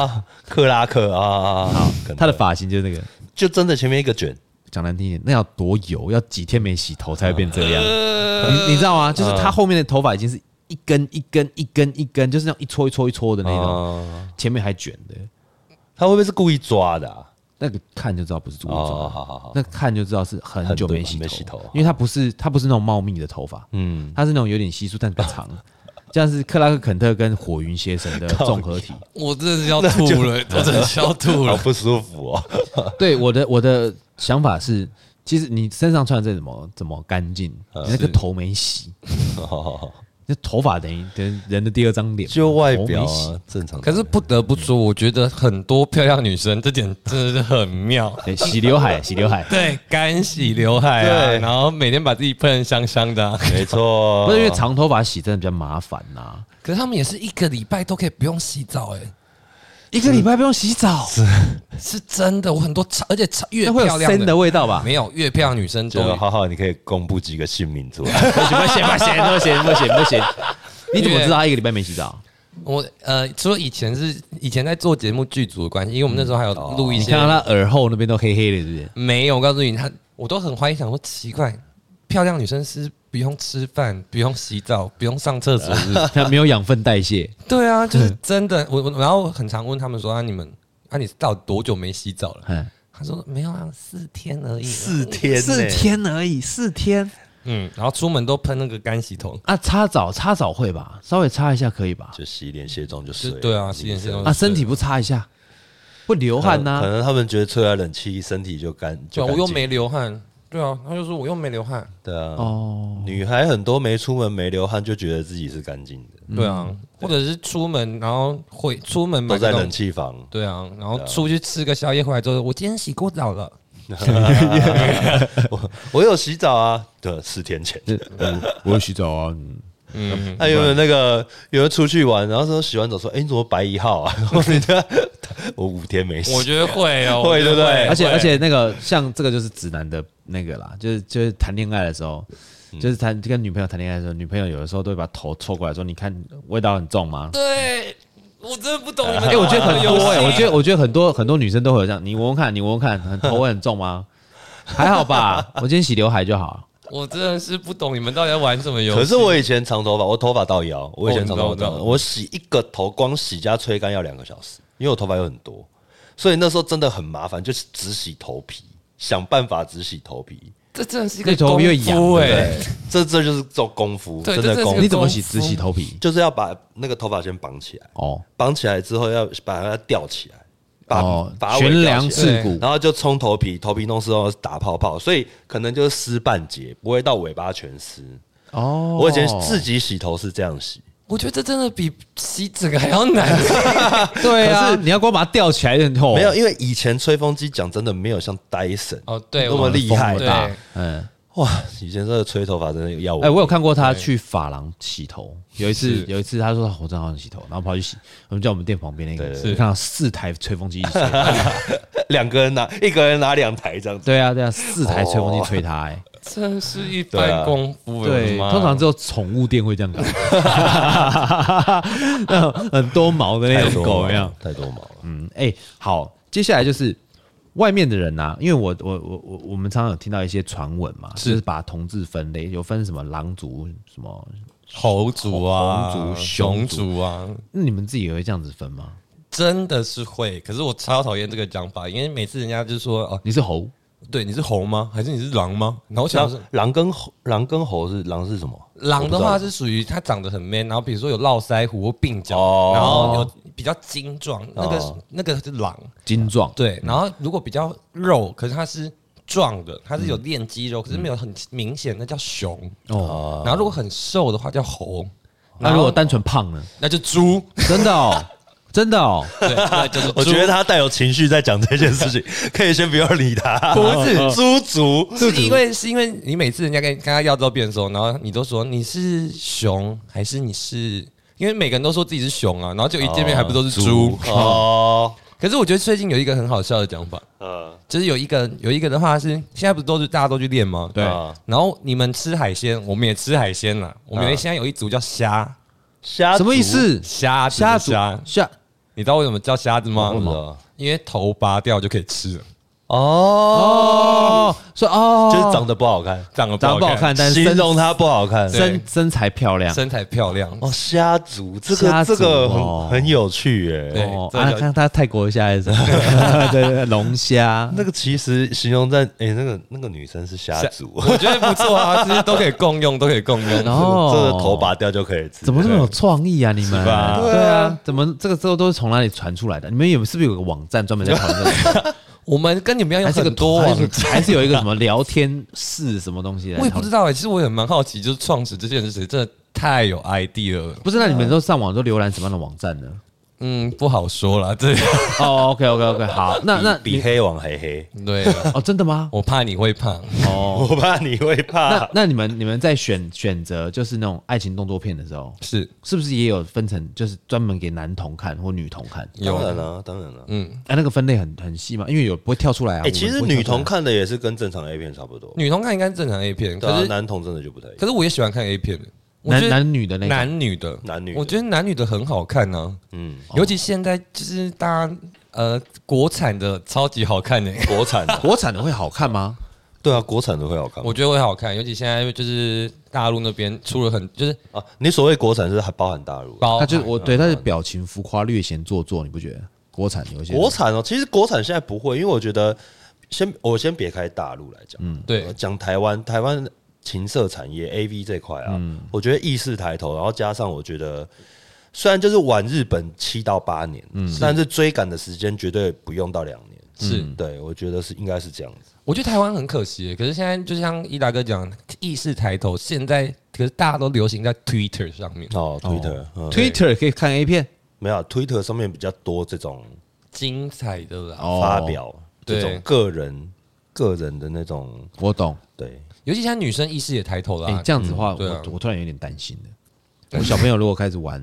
哦，克拉克啊，好，他的髮型就是那，這個，就真的前面一個捲，講難聽一點，那要多油，要幾天沒洗頭才會變這樣？嗯呃、你你知道嗎？啊？就是他後面的頭髮已經是一根，一根一根一根一根，就是那樣一撮一撮一撮的那種，嗯，前面還捲的。他會不會是故意抓的啊？那個看就知道不是故意抓的，好好好，那個看就知道是很久沒洗頭，很久沒洗頭，因為他不是他不是那種茂密的頭髮，嗯，他是那種有點稀疏，但不長，這樣 是克拉克肯特跟火雲邪神的綜合體。我真的是要吐了，我真的是要, 要吐了，好不舒服哦。 對，我的我的想法是，其實你身上穿的這怎麼怎麼乾淨、啊？你那個頭沒洗。 就頭髮等於人的第二張臉，就外表啊，正常。可是不得不說、嗯，我覺得很多漂亮女生這點真的是很妙。 對，洗劉海，洗劉海， 對，乾洗劉海、啊，對，然後每天把自己噴香香的、啊，沒錯。 不是因為長頭髮洗真的比較麻煩吶、啊，可是他們也是一個禮拜都可以不用洗澡、欸一個禮拜不用洗澡，是是真的。我很多，而且越漂亮的，的味道吧？沒有，越漂亮女生就好好，你可以公布幾個姓名出來。不行，不行，不行，不行，不行，你怎麼知道他一個禮拜沒洗澡？我呃，除了以前是以前在做節目劇組的關係，因為我們那時候還有錄一些。哦，你看到他耳後那邊都黑黑的，是不是？沒有，我告訴你，他我都很懷疑，想說奇怪，漂亮女生是。不用吃飯，不用洗澡，不用上廁所是不是，他沒有養分代謝。 對啊，就是真的。我我然後很常問他們說那、 啊、你們、啊、你到多久沒洗澡了？ 他說沒有啊，四天,、啊四天,欸、四天而已。四天，四天而已，四天。嗯，然後出門都噴那個乾洗桶啊，擦澡擦澡會吧？稍微擦一下可以吧？就洗臉卸妝就睡。對啊，洗臉卸妝啊，身體不擦一下不流汗吶、啊？可能他們覺得吹下、啊、冷氣身體就乾。對、啊就乾，我又沒流汗。對啊，他就說我又沒流汗。對啊，哦、oh.，女孩很多，沒出門沒流汗就覺得自己是乾淨的。對啊，對或者是出門，然後會出門都在冷氣房。對啊，然後出去吃個宵夜回來之後，我今天洗過澡了。 我，我有洗澡啊，對，四天前 我有洗澡啊。 嗯，嗯，嗯。有沒有那個有人出去玩，然後說洗完澡說，哎，你怎麼白一號啊？ 我五天沒洗，我覺得會哦、啊，會，會對不對？而且而且那個像這個就是直男的那個啦，就是就是談戀愛的時候，就是談跟女朋友談戀愛的時候，女朋友有的時候都會把頭湊過來說：“你看味道很重嗎、嗯？”對，嗯，我真的不懂。哎，我覺得很多，哎，我覺得我覺得很多很多女生都會有這樣，你聞聞看，你聞聞看，頭很重嗎？還好吧，我今天洗劉海就好。我真的是不懂你們到底要玩什麼遊戲，啊。可是我以前長頭髮，我頭髮到腰。我以前長頭髮到腰，oh, 我洗一個頭，光洗加吹乾要兩個小時，因為我頭髮有很多，所以那時候真的很麻煩，就是只洗頭皮，想辦法只洗頭皮。這真的是一個、欸、頭皮功夫。對 這這就是做功夫，真的功夫，這這功夫。你怎麼洗？只洗頭皮？就是要把那個頭髮先綁起來。哦，綁起來之後要把它吊起來。把懸梁刺骨，然後就沖頭皮，頭皮弄濕後打泡泡，所以可能就是濕半截，不會到尾巴全濕。哦、oh,，我以前自己洗頭是這樣洗，我覺得這真的比洗整個還要難、啊。 對啊，你要給我把它吊起來就痛，沒有，因為以前吹風機講真的沒有像戴森哦，對，那麼厲害麼對，嗯。哇！以前這個吹頭髮真的有要我。哎，我有看過他去髮廊洗頭、欸、洗頭，有一次，有一次他說我正好想洗頭，然後跑去洗，我們叫我們店旁邊那個，是看到四台吹風機一起，兩 個人拿，一個人拿兩台這樣子。對啊、對啊、對啊，這樣四台吹風機吹他。欸，哎、哦，真是一番功夫。對、啊對，通常只有寵物店會這樣搞， 那種很多毛的那種狗一樣，太多了，太多毛了。嗯，哎、欸，好，接下來就是。外面的人吶、啊，因為我我我我我們常常有聽到一些傳聞嘛，是，就是把同志分類，有分什麼狼族、什麼猴族、啊、紅族、龍族、熊族啊。那你們自己也會這樣子分嗎？真的是會，可是我超討厭這個講法，因為每次人家就說哦、啊，你是猴。對，你是猴嗎？還是你是狼嗎？然後我想是狼跟猴，狼跟猴是狼是什麼？狼的話是屬於它長得很 man，然後比如說有絡腮鬍、鬢角、哦，然後有比較精壯，那個、哦、那個那個是狼。精壯對，然後如果比較肉，嗯、可是它是壯的，它是有練肌肉，可是沒有很明顯，那叫熊。哦，然後如果很瘦的話叫猴，那如果單純胖呢？那就豬，真的。哦。 真的哦對對、就是，我覺得他帶有情緒在講這件事情， 可以先不要理他。不是豬族，是因為是因為,是因為你每次人家跟跟他要照片的時候，然後你都說你是熊，還是你是？因為每個人都說自己是熊啊，然後就一見面還不都是豬,哦,豬 哦。可是我覺得最近有一個很好笑的講法，嗯，就是有一個有一個的話是現在不是都是大家都去練嗎？對、嗯，然後你們吃海鮮，我們也吃海鮮了。我們現在有一族叫蝦蝦，什麼意思？蝦蝦族蝦。蝦你知道為什麼叫蝦子嗎？因為頭拔掉就可以吃了。哦，說哦，就是長得不好看，長得不好看，但是形容她不好看，身身材漂亮，身材漂亮。哦，蝦族，這個、哦、這個很很有趣耶。對，哦啊這個啊、看像他泰國的蝦還是？ 對，對對，龍蝦 那個其實形容在哎、欸，那個那個女生是蝦族。 我覺得不錯啊，這些都可以共用，都可以共用， 然後這個頭拔掉就可以吃。怎麼這麼有創意啊？你們吧對，啊對啊？怎麼這個之後都是從哪裡傳出來的？你們有是不是有個網站專門在傳這 我們跟你們一樣用個多，還是有一個什麼聊天室什麼東西來 我也不知道哎、欸，其實我也蠻好奇，就是創始這些人是誰，真的太有 idea 了。不是，那你們都上網都瀏覽什麼樣的網站呢？嗯，不好說了，個哦、oh,，OK，OK，OK，、okay, okay, okay. 好。那那比黑王還黑，黑，對。哦、oh,，真的嗎？我怕你會胖，哦、oh.，我怕你會胖。 那那你們你們在選選擇就是那種愛情動作片的時候，是是不是也有分成，就是專門給男同看或女同看？當然了，當然了、啊啊，嗯。哎、欸，那個分類很很細嘛，因為有不會跳出來啊、欸。其實女同看的也是跟正常的 A 片差不多。女同看應該是正常 A 片，對啊、可是男同真的就不太一樣，可是我也喜歡看 A 片。男男女的那男女的男女的，我覺得男女的很好看呢、啊。嗯，尤其現在就是大家呃，國產的超級好看呢、欸。國產的 國產的會好看嗎？對啊，國產的會好看。我覺得會好看，尤其現在就是大陸那邊出了很就是啊，你所謂國產是還包含大陸，他就我對他的表情浮誇、略顯做作、作，你不覺得？國產有些國產哦、喔，其實國產現在不會，因為我覺得先我先別開大陸來講，嗯，對，講台灣，台灣。情色產業 A V 這塊啊、嗯，我覺得意識抬頭，然後加上我覺得，雖然就是晚日本七到八年，嗯、但是追趕的時間絕對不用到兩年。是、嗯，對，我覺得是應該是這樣子。我覺得台灣很可惜，可是現在就像伊達哥講，意識抬頭，現在可是大家都流行在 Twitter 上面哦，Twitter，Twitter、哦嗯、Twitter, 可以看 A 片，沒有，Twitter 上面比較多這種精彩的發表，這種個人、哦、個人的那種，我懂，對。尤其像女生意識也抬頭了、啊，欸、這樣子的話，嗯啊、我，我突然有點擔心、啊、我小朋友如果開始玩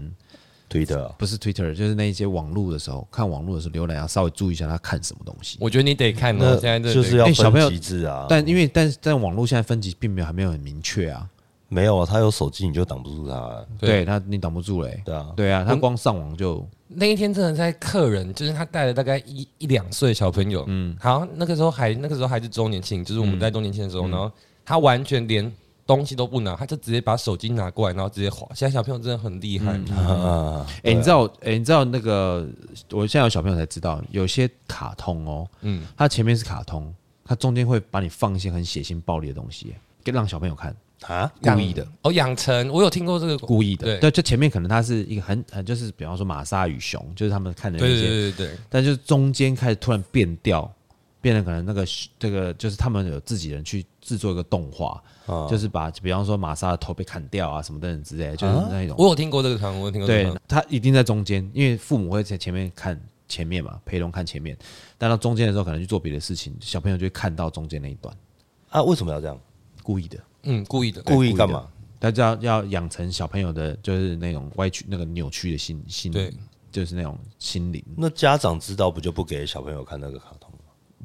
推特， Twitter 不是推特，就是那一些網絡的時候，看網絡的時候，瀏覽要稍微注意一下他看什麼東西。我覺得你得看嘛、嗯，就是要分級制啊。欸小朋友嗯、但因為，但是，在網絡現在分級並沒有還沒有很明確啊、嗯，沒有啊，他有手機你就擋不住他、啊，對，對他你擋不住嘞、欸，對啊，對啊，他光上網就、嗯、那一天真的在客人，就是他帶了大概一一兩歲小朋友，嗯，好，那個時候還那個時候還是周年慶，就是我們在周年慶的時候，嗯、然後。他完全連東西都不拿，他就直接把手機拿過來，然後直接滑。現在小朋友真的很厲害、嗯啊嗯欸。你知道、欸，你知道那個，我現在有小朋友才知道，有些卡通哦，嗯，它前面是卡通，它中間會把你放一些很血腥暴力的東西，給讓小朋友看啊，故意的。嗯、哦，養成，我有聽過這個。故意的，對，對就前面可能它是一個很很就是，比方說《瑪莎與熊》，就是他們看的那一些，對對對對，但就是中間開始突然變調。變得可能那個這個就是他們有自己人去制作一個動畫，啊、就是把比方說瑪莎的頭被砍掉啊什麼的等等之類的，就是那種、啊。我有聽過這個卡，我有聽過這個。對他一定在中間，因為父母會在前面看前面嘛，陪同看前面，但到中間的時候可能去做別的事情，小朋友就會看到中間那一段。啊，為什麼要這樣？故意的，嗯，故意的，故意幹嘛？他就要要養成小朋友的就是那種歪曲，那個扭曲的心心，對，就是那種心靈。那家長知道不就不給小朋友看那個卡？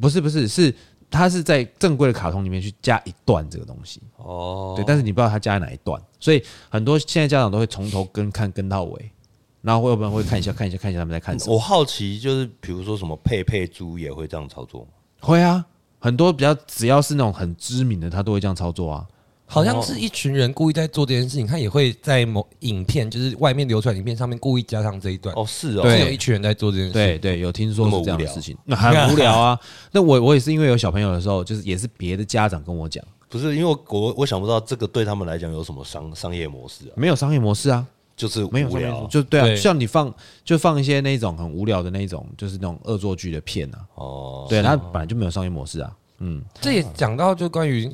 不是不是是，他是在正規的卡通裡面去加一段這個東西哦，oh. 對，但是你不知道他加哪一段，所以很多現在家長都會從頭跟看跟到尾，然後要不然會看一下看一下看一下他們在看什麼。我好奇就是，比如說什麼佩佩豬也會這樣操作嗎？會啊，很多比較只要是那種很知名的，他都會這樣操作啊。好像是一群人故意在做這件事情，他也會在某影片，就是外面流傳影片上面故意加上這一段。哦，是哦，是有一群人在做這件事。對對，有聽說過這樣的事情，那無、啊、很無聊啊。 那我我也是因為有小朋友的時候，就是也是別的家長跟我講，不是因為我我，我想不到這個對他們來講有什麼商商業模式啊？沒有商業模式啊，就是無聊、啊沒有，就對啊，對像你放就放一些那一種很無聊的那種，就是那種惡作劇的片啊。哦，對、啊啊，他本來就沒有商業模式啊。嗯，嗯這也講到就關於。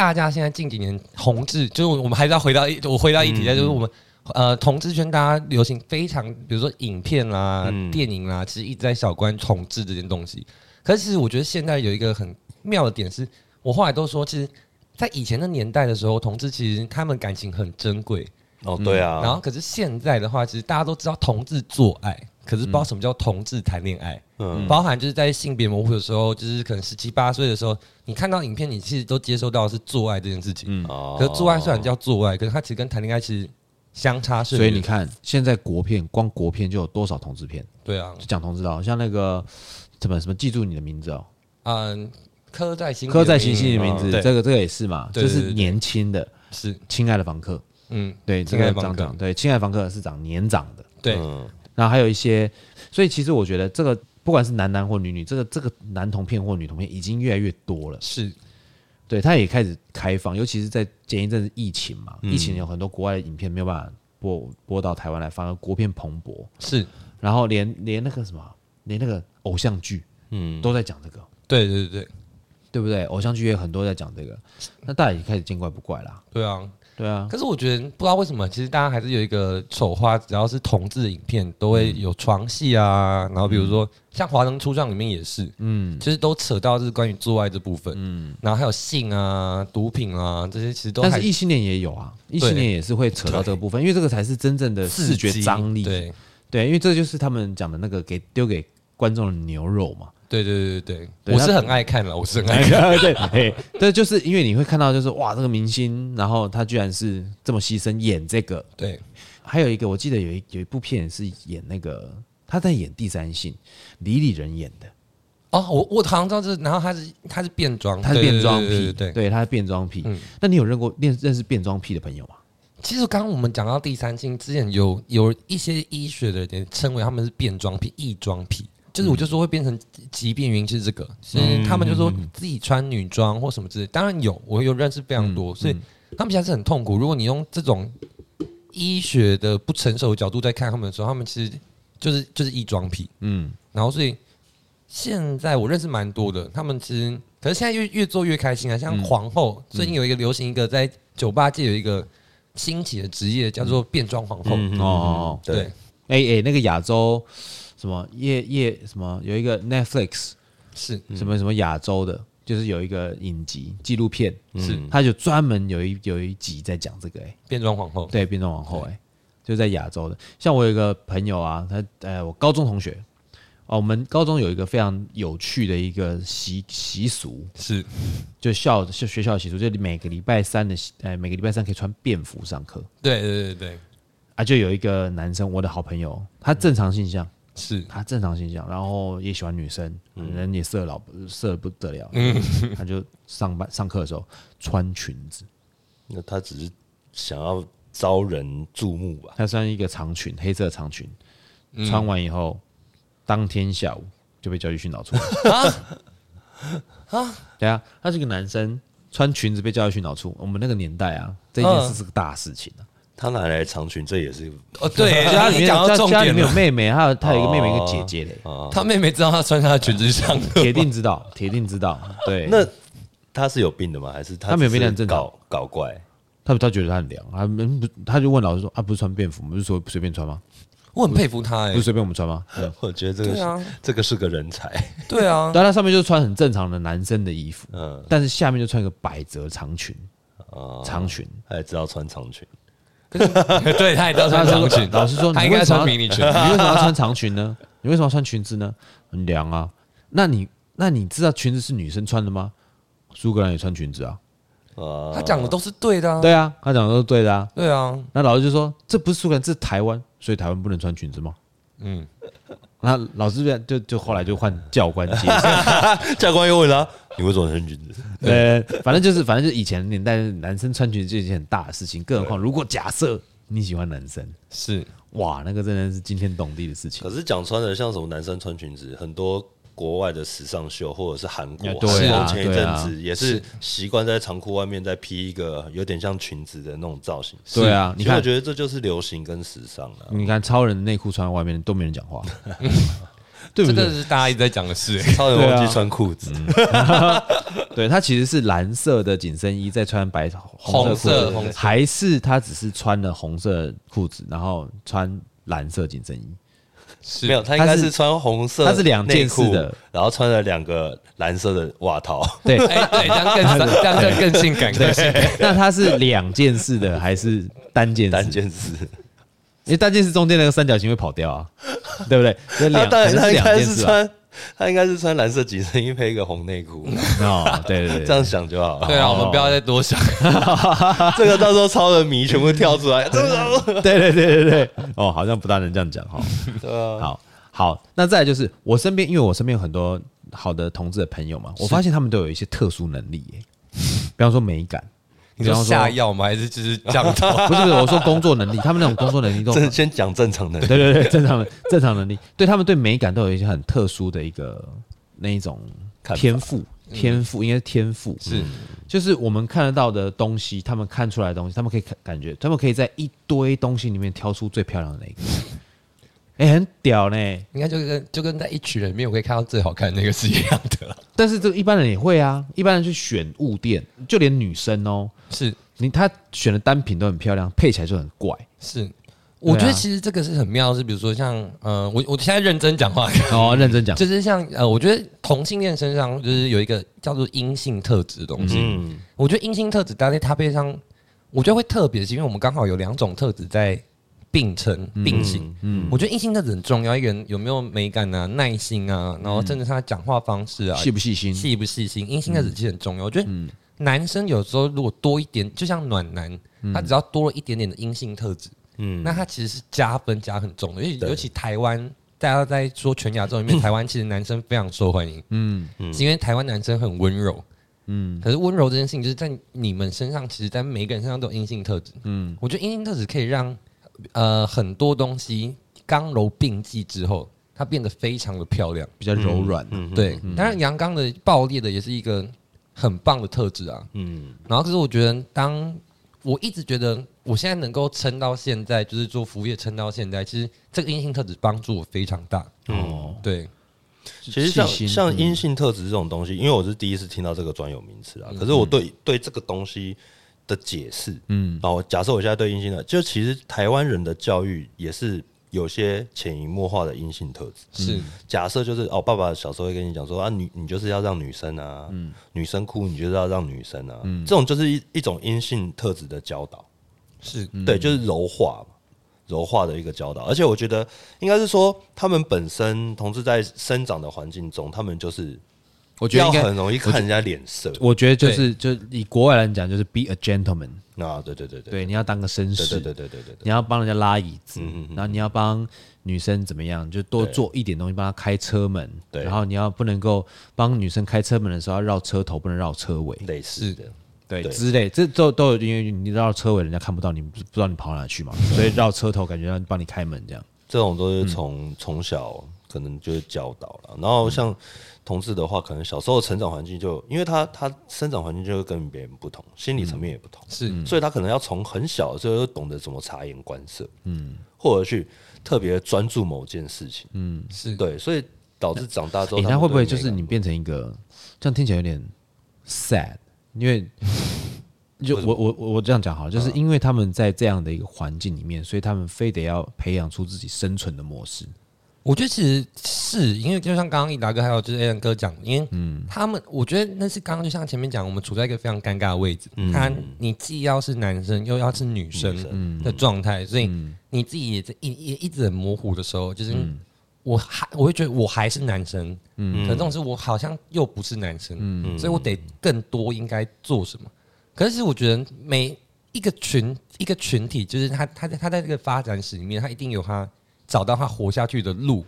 大家現在近幾年同志，就是我們還是要回到一，我回到一題啊，嗯嗯就是我們呃同志圈大家流行非常，比如說影片啦、啊、嗯嗯電影啦、啊，其實一直在小關同志這件東西。可是其實我覺得現在有一個很妙的點是，我後來都說，其實，在以前的年代的時候，同志其實他們感情很珍貴哦，對啊、嗯。然後可是現在的話，其實大家都知道同志做愛。可是包含什麼叫同志談戀愛，嗯，包含就是在性別模糊的時候，就是可能十七八歲的時候，你看到影片，你其實都接受到的是做愛這件事情。嗯，可是做愛雖然叫做愛，嗯、可，是做愛做愛，可是它其實跟談戀愛其實相差甚遠。所以你看，現在國片光國片就有多少同志片？對啊，就講同志哦，像那個怎麼什麼，記住你的名字哦、喔，嗯，刻在心刻在心心的名字，名字嗯、這個這個也是嘛，就是年輕的，是親愛的房客，嗯，對，親愛的房客，對，親愛房客是長年長的，對。嗯然後還有一些，所以其實我覺得這個不管是男男或女女，這個這個男同片或女同片已經越來越多了。是，對，他也開始開放，尤其是在前一陣子疫情嘛，嗯、疫情有很多國外的影片沒有辦法播播到台灣來發，反而國片蓬勃。是，然後連連那個什麼，連那個偶像劇，嗯，都在講這個。對、嗯、對對對，對不對？偶像劇也很多在講這個，那大家也開始見怪不怪啦。對啊。對啊，可是我覺得不知道為什麼，其實大家還是有一個醜化，只要是同志的影片，都會有床戲啊、嗯。然後比如說像《華燈初上》裡面也是，嗯，其實都扯到就是關於做愛這部分，嗯，然後還有性啊、毒品啊這些，其實都還是。但是異性戀也有啊，異性戀也是會扯到這個部分，因為這個才是真正的視覺張力，對，對，因為這就是他們講的那個給丟給。觀眾的牛肉嘛，對對對對，對，我是很愛看了，我是很愛看 對、欸， 對，就是因為你會看到就是哇，這個明星，然後他居然是這麼犧牲，演這個，對，還有一個我記得有一有一部片是演那個他在演第三性，李李仁演的，哦，我我好像知道，然後他是他是變裝，他是變裝癖，對，對，他是變裝癖，嗯、那你有認過認認識變裝癖的朋友嗎？其實剛剛我們講到第三性之前，有有一些醫學的人稱為他們是變裝癖、異裝癖。嗯、就是我就說會變成疾病原因，就是這個。所以他們就說自己穿女裝或什麼之類，當然有，我有認識非常多，嗯嗯、所以他們現在是很痛苦。如果你用這種醫學的不成熟的角度在看他們的時候，他們其實就是就是異裝癖。嗯，然後所以現在我認識蠻多的，他們其實可是現在越越做越開心啊。像皇後、嗯、最近有一個流行一個在酒吧界有一個興起的職業，叫做變裝皇後、嗯嗯。哦，對，哎、欸、哎、欸，那個亞洲。什麼夜夜，什麼有一個 Netflix 是、嗯、什麼什麼亞洲的，就是有一個影集紀錄片，嗯、是它就專門有一有一集在講這個哎、欸、變裝皇後對變裝皇后哎、欸、就在亞洲的。像我有一個朋友啊，他呃我高中同學，哦、啊、我們高中有一個非常有趣的一個習習俗，是就校校學校習俗，就每個禮拜三的呃每個禮拜三可以穿便服上課，對對對對啊，啊就有一個男生，我的好朋友，他正常現象。嗯是他正常性向，然後也喜歡女生，嗯、人也色老色不得了。嗯、他就上班上課的時候穿裙子，那他只是想要招人注目吧？他穿一個長裙，黑色長裙，嗯，穿完以後當天下午就被教育訓導處。啊 啊！對啊，等一下，他是個男生，穿裙子被教育訓導處，我們那個年代啊，這件事是個大事情啊。啊他拿來長裙，這也是哦，對， 他，裡面到他家裡面，他家裡有妹妹，他他有一個妹妹，哦、一個姐姐的、哦哦。他妹妹知道他穿長裙子去上課，鐵定知道，鐵定知道。對，那他是有病的嗎？還是他沒有病，很正常，搞搞怪？他很他，他覺得他很娘，他不不，他就問老師說：“啊，不是穿便服，就不是說隨便穿嗎？”我很佩服他、欸，哎，不是隨便我們穿嗎？我覺得這個是、啊，這個是個人才。對啊，但 他上面就穿很正常的男生的衣服，嗯，但是下面就穿一個百褶長裙啊，長裙，哦、他也知道穿長裙。 對，他也都穿長裙。他老師說：“你應該穿迷你裙，你為什麼要穿長裙呢？你為什麼要穿裙子呢？很涼啊！那你，那你知道裙子是女生穿的嗎？蘇格蘭也穿裙子啊！啊，他講的都是對的啊！對啊，他講的都是對的啊！對啊，那老師就說：這不是蘇格蘭，這是台灣，所以台灣不能穿裙子嗎？嗯。”那老師就就就後來就換教官接， 教官又問他，你為什麼穿裙子？對，反正就是反正就是以前年代，男生穿裙子是一件很大的事情，更何況如果假設你喜歡男生，是哇，那個真的是驚天動地的事情。可是講穿的像什麼男生穿裙子，很多。國外的時尚秀，或者是韓國，哎，對啊，前一陣子也是習慣在長褲外面再披一個有點像裙子的那種造型。對啊，你看其實我覺得這就是流行跟時尚了，啊。你看，超人內褲穿外面都沒人講話，這、嗯、 是，是大家一直在講的事。是是超人忘記穿褲子，對、啊 嗯啊、對，他其實是藍色的緊身衣再穿白紅色，紅色，紅色還是他只是穿了紅色褲子，然後穿藍色緊身衣？是沒有，他應該是穿紅色，他是兩件式的，然後穿了兩個藍色的襪套對、欸，對，這樣更 這樣更，這樣更，更性感更性對，對。那他是兩件式的還是單件式？單件式，因為單件式中間那個三角形會跑掉啊，掉啊 對不對？那兩那應該是穿 。他應該是穿藍色緊身衣配一個紅內褲，哦，對對對，這樣想就好了、oh。對，對，對。 對啊，哦、我們不要再多想。哦， 這個到時候超人迷全部跳出來， 對對對對對， 哦，好像不大能這樣講哈。哦 啊、好好，那再來就是我身邊，因為我身邊有很多好的同志的朋友嘛，我發現他們都有一些特殊能力、欸，比方說美感。下藥嗎？還是就是降頭 不，不是。我說工作能力，他們那種工作能力都是先講正常能力。對對對，正常的正常能力，對他們對美感都有一些很特殊的一個那一種天賦，嗯，天賦應該是天賦是，嗯，就是我們看得到的東西，他們看出來的東西，他們可以感覺，他們可以在一堆東西裡面挑出最漂亮的那一個。哎、 欸，很屌呢。你看，就就跟在一群人裡面，我可以看到最好看的那個是一樣的。嗯、 但是這一般人也會啊，一般人去選物店，就連女生哦，是你他選的單品都很漂亮，配起來就很怪。是，我覺得其實這個是很妙。是，比如說像，呃，我我現在認真講話。哦，認真講。就是像，呃，我覺得同性戀身上就是有一個叫做陰性特質的東西。嗯。我覺得陰性特質搭在他背上，我覺得會特別，是因為我們剛好有兩種特質在並成並行。嗯。我覺得陰性特質很重要，一個人有沒有美感啊，耐心啊，然後甚至他講話方式啊，細不細心，細不細心，陰性特質其實很重要。我覺得。嗯。男生有時候如果多一點，就像暖男，嗯、他只要多了一點點的陰性特質，嗯，那他其實是加分加很重的。因為尤其台灣，大家都在說全亞洲裡面，台灣其實男生非常受歡迎，嗯，嗯是因為台灣男生很溫柔，嗯，可是溫柔這件事情就是在你們身上，其實，在每個人身上都有陰性特質，嗯，我覺得陰性特質可以讓呃很多東西剛柔並濟之後，它變得非常的漂亮，嗯、比較柔軟、啊嗯，對，當然陽剛的、爆裂的也是一個。很棒的特質啊，嗯，然後可是我覺得，當我一直覺得，我現在能夠撐到現在，就是做服務業撐到現在，其實這個陰性特質幫助我非常大。嗯。嗯、哦，對，其實像像陰性特質這種東西，因為我是第一次聽到這個專有名詞啊，可是我對對這個東西的解釋，嗯，然後，假設我現在對陰性的，就其實台灣人的教育也是。有些潛移默化的陰性特質是、嗯、假設，就是哦，爸爸小時候會跟你講說啊，女你，你就是要讓女生啊，嗯、女生哭，你就是要讓女生啊，嗯、這種就是一一種陰性特質的教導，是、嗯、對，就是柔化嘛，柔化的一個教導，而且我覺得應該是說，他們本身同志在生長的環境中，他們就是。我覺得很容易看人家臉色。我覺得就是，就以國外來講，就是 be a gentleman 啊，對對對對，對，你要當個紳士，對對對對，對，對，你要幫人家拉椅子，嗯哼嗯哼，然後你要幫女生怎麼樣，就多做一點東西，幫她開車門，對，然後你要不能夠幫女生開車門的時候，要繞車頭，不能繞車尾，對是，是的，對，對之類，這都都有，因為你繞車尾，人家看不到你，不知道你跑哪去嘛，所以繞車頭，感覺讓幫你開門這樣。嗯、這種都是從從小可能就是教導了，然後像。嗯同志的話，可能小時候成長環境就，因為他他生長環境就會跟別人不同，心理層面也不同，嗯、是、嗯，所以他可能要從很小的時候就懂得怎麼察言觀色，嗯，或者去特別專注某件事情，嗯，是對，所以導致長大之後，你看、欸、會不會就是你變成一個，這樣聽起來有點 sad，因為就我我我這樣講好了，就是因為他們在這樣的一個環境裡面，嗯啊、所以他們非得要培養出自己生存的模式。我覺得其實是因為，就像剛剛益達哥還有就是 Allen 哥講，因為他們我覺得那是剛剛就像前面講，我們處在一個非常尷尬的位置，他你既要是男生，又要是女生的狀態，所以你自己也在一一直很模糊的時候，就是我還我會覺得我還是男生，可是這種事我好像又不是男生，所以我得更多應該做什麼？可是我覺得每一個群一個群體，就是他他在他在這個發展史裡面，他一定有他。找到他活下去的路，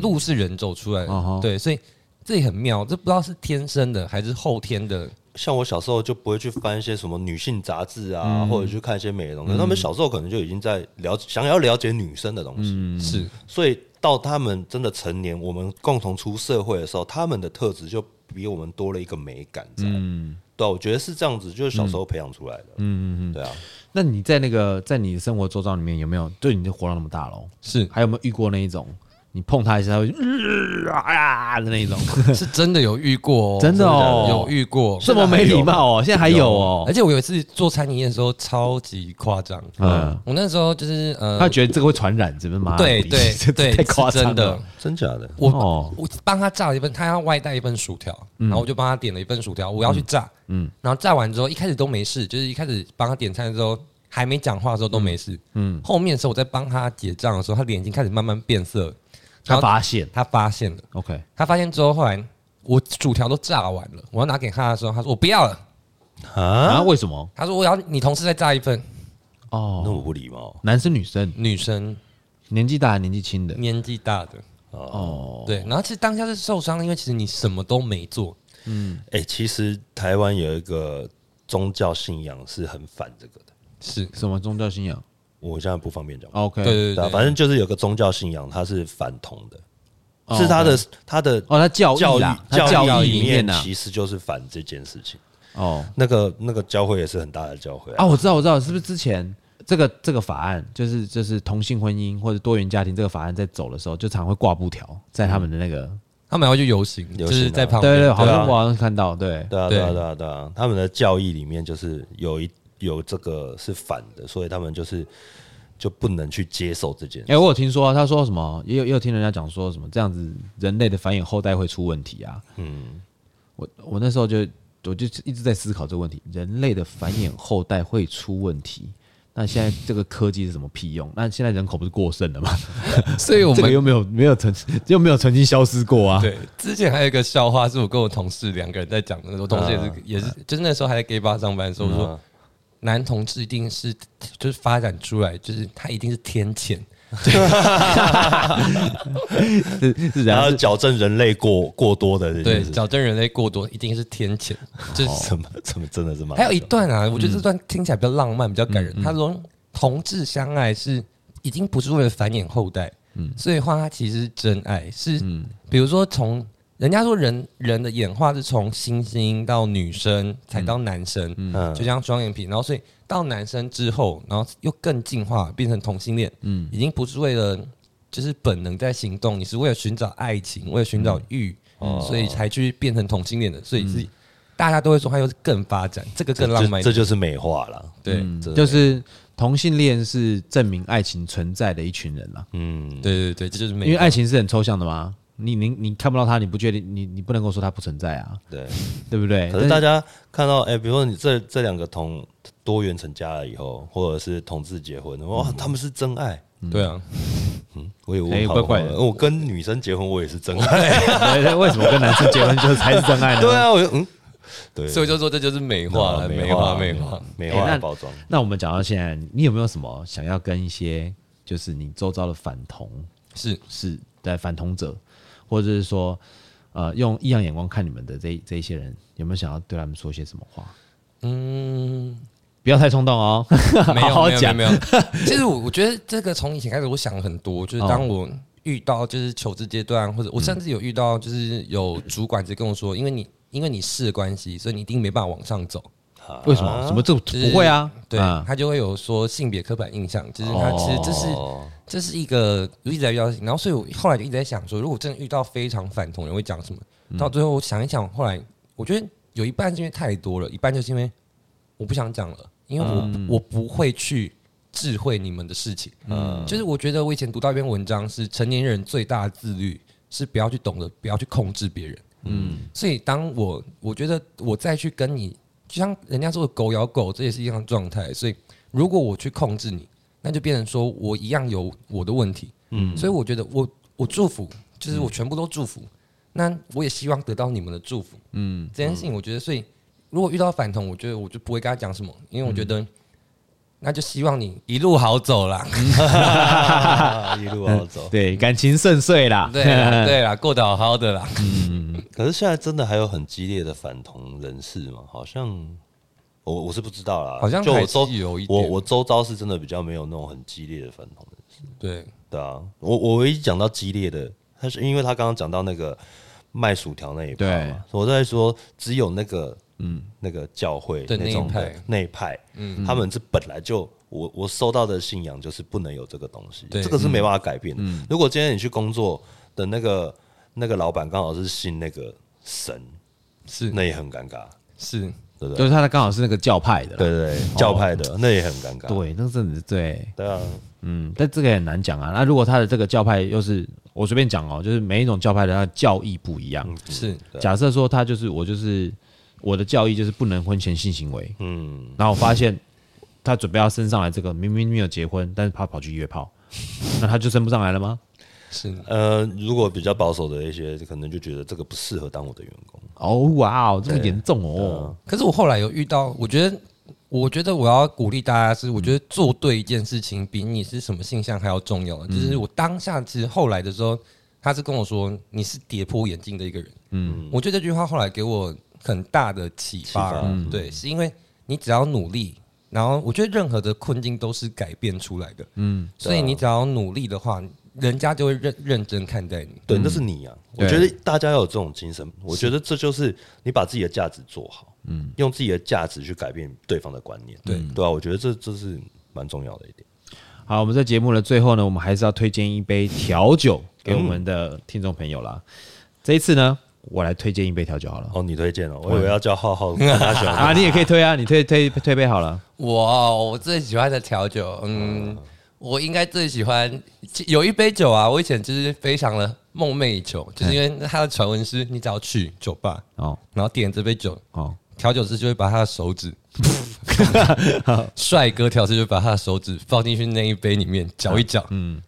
路是人走出來的。對，所以這也很妙。這不知道是天生的還是後天的。像我小時候就不會去翻一些什麼女性雜誌啊，或者去看一些美容。可他們小時候可能就已經在了想要了解女生的東西。是，所以到他們真的成年，我們共同出社會的時候，他們的特質就比我們多了一個美感。嗯，對啊，我覺得是這樣子，就是小時候培養出來的。嗯嗯嗯，對啊。那你在那個，在你的生活周遭裡面有沒有對你的，活到那麼大了，是還有沒有遇過那一種？你碰他一下，他會、呃、啊呀、啊啊、的那種是的、哦的哦，是真的有遇過，哦，真的有遇過，這麼沒禮貌哦！現在還有哦，有，而且我有一次做餐飲的時候，超級誇張、嗯。嗯，我那時候就是呃，他覺得這個會傳染，是不是？對對對，真太誇張了，真、的真的假的？我哦，我幫他炸了一份，他要外帶一份薯條，然後我就幫他點了一份薯條，我要去炸。嗯，然後炸完之後，一開始都沒事，就是一開始幫他點餐的時候，還沒講話的時候都沒事。嗯，後面的時候我在幫他結賬的時候，他臉已經開始慢慢變色。他發現，他發現了。OK，他發現之後，後來我薯條都炸完了，我要拿給他的時候，他說我不要了。啊？然後為什麼？他說我要你同事再炸一份。哦，那我不禮貌。男生女生？女生。年紀大還年紀輕的？年紀大的。哦。對。然後其實當下是受傷，因為其實你什麼都沒做。嗯。哎、欸，其實台灣有一個宗教信仰是很反這個的。是什麼宗教信仰？我現在不方便講。OK，對對對，對，反正就是有個宗教信仰，它是反同的，okay，是他的他的哦，他教義教義裡面其實就是反這件事情，okay。哦，哦那個那個教會也是很大的教會啊，哦，我知道，我知道，是不是之前這個這個法案，就是就是同性婚姻或者多元家庭這個法案在走的時候，就常會掛布條在他們的那個，啊、他們還會去遊行，遊、就是、行、啊，在對，對對，好像我好像看到，對啊對，啊對，對啊對啊對啊，啊啊、他們的教義裡面就是有一。有這個是反的，所以他們就是就不能去接受這件事。哎、欸，我有聽說、啊、他說什麼，也有也有聽人家講說什麼這樣子，人類的繁衍後代會出問題啊。嗯，我我那時候就我就一直在思考這個問題：人類的繁衍後代會出問題？那現在這個科技是什麼屁用？那現在人口不是過剩了嗎？所以，我們 又沒有沒有曾又沒有曾經消失過啊。對，之前還有一個笑話，是我跟我同事兩個人在講的。我同事也是、啊、也是，就是、那時候還在 gay bar 上班，說說、嗯啊。男同志一定是就是發展出來，就是他一定是天譴，然後矯正人類過過多的、就是、對，矯正人類過多一定是天譴，這、就是、哦、什麼什麼真的是嗎？還有一段啊，我覺得這段聽起來比較浪漫，嗯、比較感人。嗯嗯、他說，同志相愛是已經不是為了繁衍後代，嗯，所以話，他其實是真愛，是、嗯、比如說從。人家說人，人人的演化是從猩猩到女生、嗯，才到男生，嗯，就像雙眼皮。嗯、然後，所以到男生之後，然後又更進化，變成同性戀，嗯，已經不是為了就是本能在行動，你是為了尋找愛情，為了尋找欲、嗯嗯，所以才去變成同性戀的。所以是，是、嗯、大家都會說，他又是更發展，這個更浪漫，就這就是美化了。對，嗯、就是同性戀是證明愛情存在的一群人了、啊。嗯，對對對，這就是美。因為愛情是很抽象的嘛。你你你看不到他，你不確定，你你不能夠說他不存在啊？對，對不對？可是大家看到，哎、欸，比如說你這這兩個同多元成家了以後，或者是同志結婚，嗯、哇，他們是真愛。嗯、對啊，嗯，我也無也、欸、怪怪的，我跟女生結婚我也是真愛，為什麼跟男生結婚就才是真愛呢？ 對啊，我就……嗯，對，所以就說這就是美化了，美化了，美化，美化，美化，美化、欸、包裝。那我們講到現在，你有沒有什麼想要跟一些就是你周遭的反同是是在反同者？或者是說，呃，用異樣眼光看你們的這一這一些人，有沒有想要對他們說些什麼話？嗯，不要太衝動哦。 沒有 好好講，沒有沒有。其實我我覺得這個從以前開始我想了很多，就是當我遇到就是求職階段、哦，或者我甚至有遇到就是有主管直接跟我說，嗯、因為你因為你是的關係，所以你一定沒辦法往上走。為什麼？什、啊、麼這不會啊？就是、對啊，他就會有說性別刻板印象，就是他其實這是、哦、這是一個一直在遇到事情，然後所以我後來就一直在想說，如果真的遇到非常反同人會講什麼、嗯？到最後我想一想，後來我覺得有一半是因為太多了，一半就是因為我不想講了，因為我、嗯、我不會去置喙你們的事情嗯。嗯，就是我覺得我以前讀到一篇文章是，是成年人最大的自律是不要去懂得不要去控制別人嗯。嗯，所以當我我覺得我再去跟你。就像人家說的狗咬狗，這也是一樣的狀態。所以，如果我去控制你，那就變成說我一樣有我的問題。嗯，所以我覺得我我祝福，就是我全部都祝福，嗯。那我也希望得到你們的祝福。嗯，這件事情我覺得，所以如果遇到反同，我覺得我就不會跟他講什麼，因為我覺得，嗯。那就希望你一路好走啦 一路好走， 對，感情順遂啦，對啊，對啦，過得好好的啦。嗯，嗯，可是現在真的還有很激烈的反同人士嗎？好像我我是不知道啦。好像就我周有一我我周遭是真的比較沒有那種很激烈的反同人士。對對啊，我我唯一講到激烈的，他是因為他剛剛講到那個賣薯條那一塊嘛。對，所以我在說只有那個。嗯，那個教會那種那一派內派，嗯，他們是本來就我我收到的信仰就是不能有這個東西，對，這個是沒辦法改變的。嗯，如果今天你去工作的那個、嗯、那個老闆剛好是信那個神，是，那也很尷尬，是，對對，對。就是他的剛好是那個教派的，對對，對、哦，教派的，那也很尷尬，對，那真的是對，對啊，嗯，但這個也很難講啊。那如果他的這個教派又是，我隨便講哦、喔，就是每一種教派他的他教義不一樣，嗯、是假設說他就是我就是。我的教育就是不能婚前性行為，嗯，然後我發現他準備要升上來，這個明明沒有結婚，但是他跑，跑去約炮， 那他就升不上來了嗎？是，呃，如果比較保守的一些，可能就覺得這個不適合當我的員工。哦哇哦，這麼嚴重哦、喔啊！可是我後來有遇到，我覺得，我覺得我要鼓勵大家是，我覺得做對一件事情比你是什麼性向還要重要、嗯。就是我當下其實後來的時候，他是跟我說你是跌破眼鏡的一個人，嗯，我覺得這句話後來給我。很大的啟發對，是因為你只要努力，然後我覺得任何的困境都是改變出來的，嗯，所以你只要努力的話，人家就會認認真看待你，嗯，對，那是你呀，啊。我覺得大家要有這種精神，我覺得這就是你把自己的價值做好，嗯，用自己的價值去改變對方的觀念，對，對啊，我覺得這這是蠻重要的一點。好，我們在節目的最後呢，我們還是要推薦一杯調酒給我們的聽眾朋友啦。這一次呢。我來推薦一杯調酒好了。哦，你推薦哦，我以為要叫浩浩 啊，你也可以推啊，你推推推杯好了。我、wow, 我最喜歡的調酒，嗯，oh. 我應該最喜歡有一杯酒啊，我以前就是非常的夢寐以求，就是因為它的傳聞是，你只要去酒吧哦，oh. 然後點這杯酒哦，調、oh. 酒師就會把他的手指，帥 好 哥調酒師就把他的手指放進去那一杯裡面攪一攪，嗯。嚼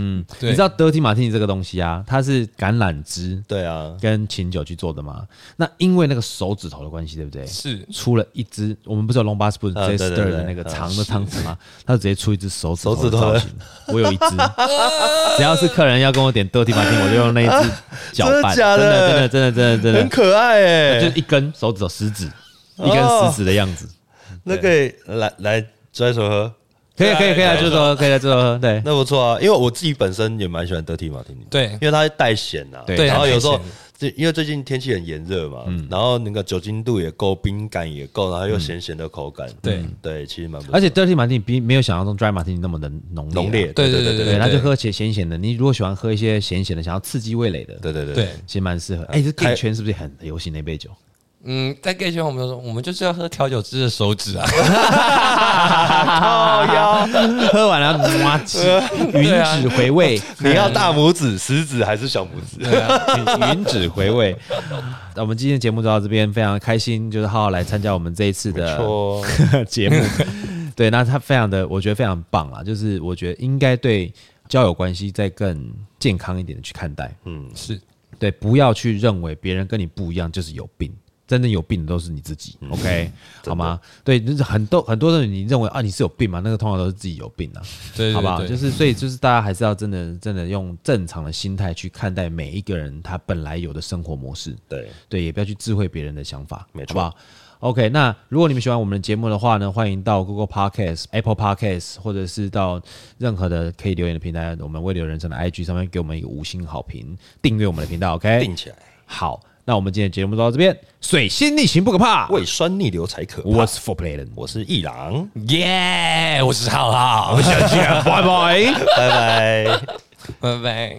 嗯，你知道 Dirty Martini 這個東西啊？它是橄欖汁，對啊，跟琴酒去做的嘛、啊。那因為那個手指頭的關係，對不對？是出了一隻，我們不是有 long bar spoon 是 stir 的那個長的湯匙嗎？他直接出一隻手指頭造型，手指頭我有一隻， 只要是客人要跟我點 Dirty Martini 我就用那一隻攪拌、啊。真的，的真的真的真的真的，真的很可愛哎、欸，就一根手指頭食指，一根食指的樣子。哦、那個來來抓一手喝。可以可以可以就是可以來就是說對，那不錯啊，因為我自己本身也蠻喜歡 Dirty 馬丁尼的，對，因為它帶鹹吶，對，然後有時候，因為最近天氣很炎熱嘛、嗯，然後那個酒精度也夠，冰感也夠，然後又鹹咸的口感，嗯、對對，其實蠻不錯，而且 Dirty 馬丁尼比沒有想象中 Dry 馬丁尼那麼的濃烈，、啊、烈，對對對對對，對，對，對，對，對，他就喝起鹹咸的，你如果喜歡喝一些鹹咸的，想要刺激味蕾的，對對對，對，對，對，其實蠻適合，哎、啊欸，這調圈是不是很流行那杯酒？嗯，在 Gay 圈我們都說，我們就是要喝調酒汁的手指啊，好喲，喝完了抹 吮指回味，你要大拇指、食指還是小拇指？ 嗯、吮指回味。那 我們今天的節目就到這邊，非常開心，就是皓皓來參加我們這一次的 節目。對，那他非常的，我覺得非常棒啊，就是我覺得應該對交友關係再更健康一點的去看待。嗯，是對，不要去認為別人跟你不一樣就是有病。真正有病的都是你自己、嗯、，OK，、嗯、好嗎？對，就是很多很多人。你認為啊，你是有病嗎？那個通常都是自己有病啊，對對對，好不好？對對對，就是所以就是大家還是要真的真的用正常的心態去看待每一個人他本來有的生活模式，對對，也不要去智慧別人的想法，沒錯，好不好。OK，那如果你們喜歡我們的節目的話呢，歡迎到 Google Podcast、Apple Podcast，或者是到任何的可以留言的平台，我們微留人生的 IG 上面給我們一個五星好評，訂閱我們的頻道，OK，定起來，好。那我們今天節目就到這邊。水星逆行不可怕，胃酸逆流才可怕。我是 Fourplay Allen 我是義朗耶！我是皓皓，我們下期見，拜拜，拜拜，拜拜。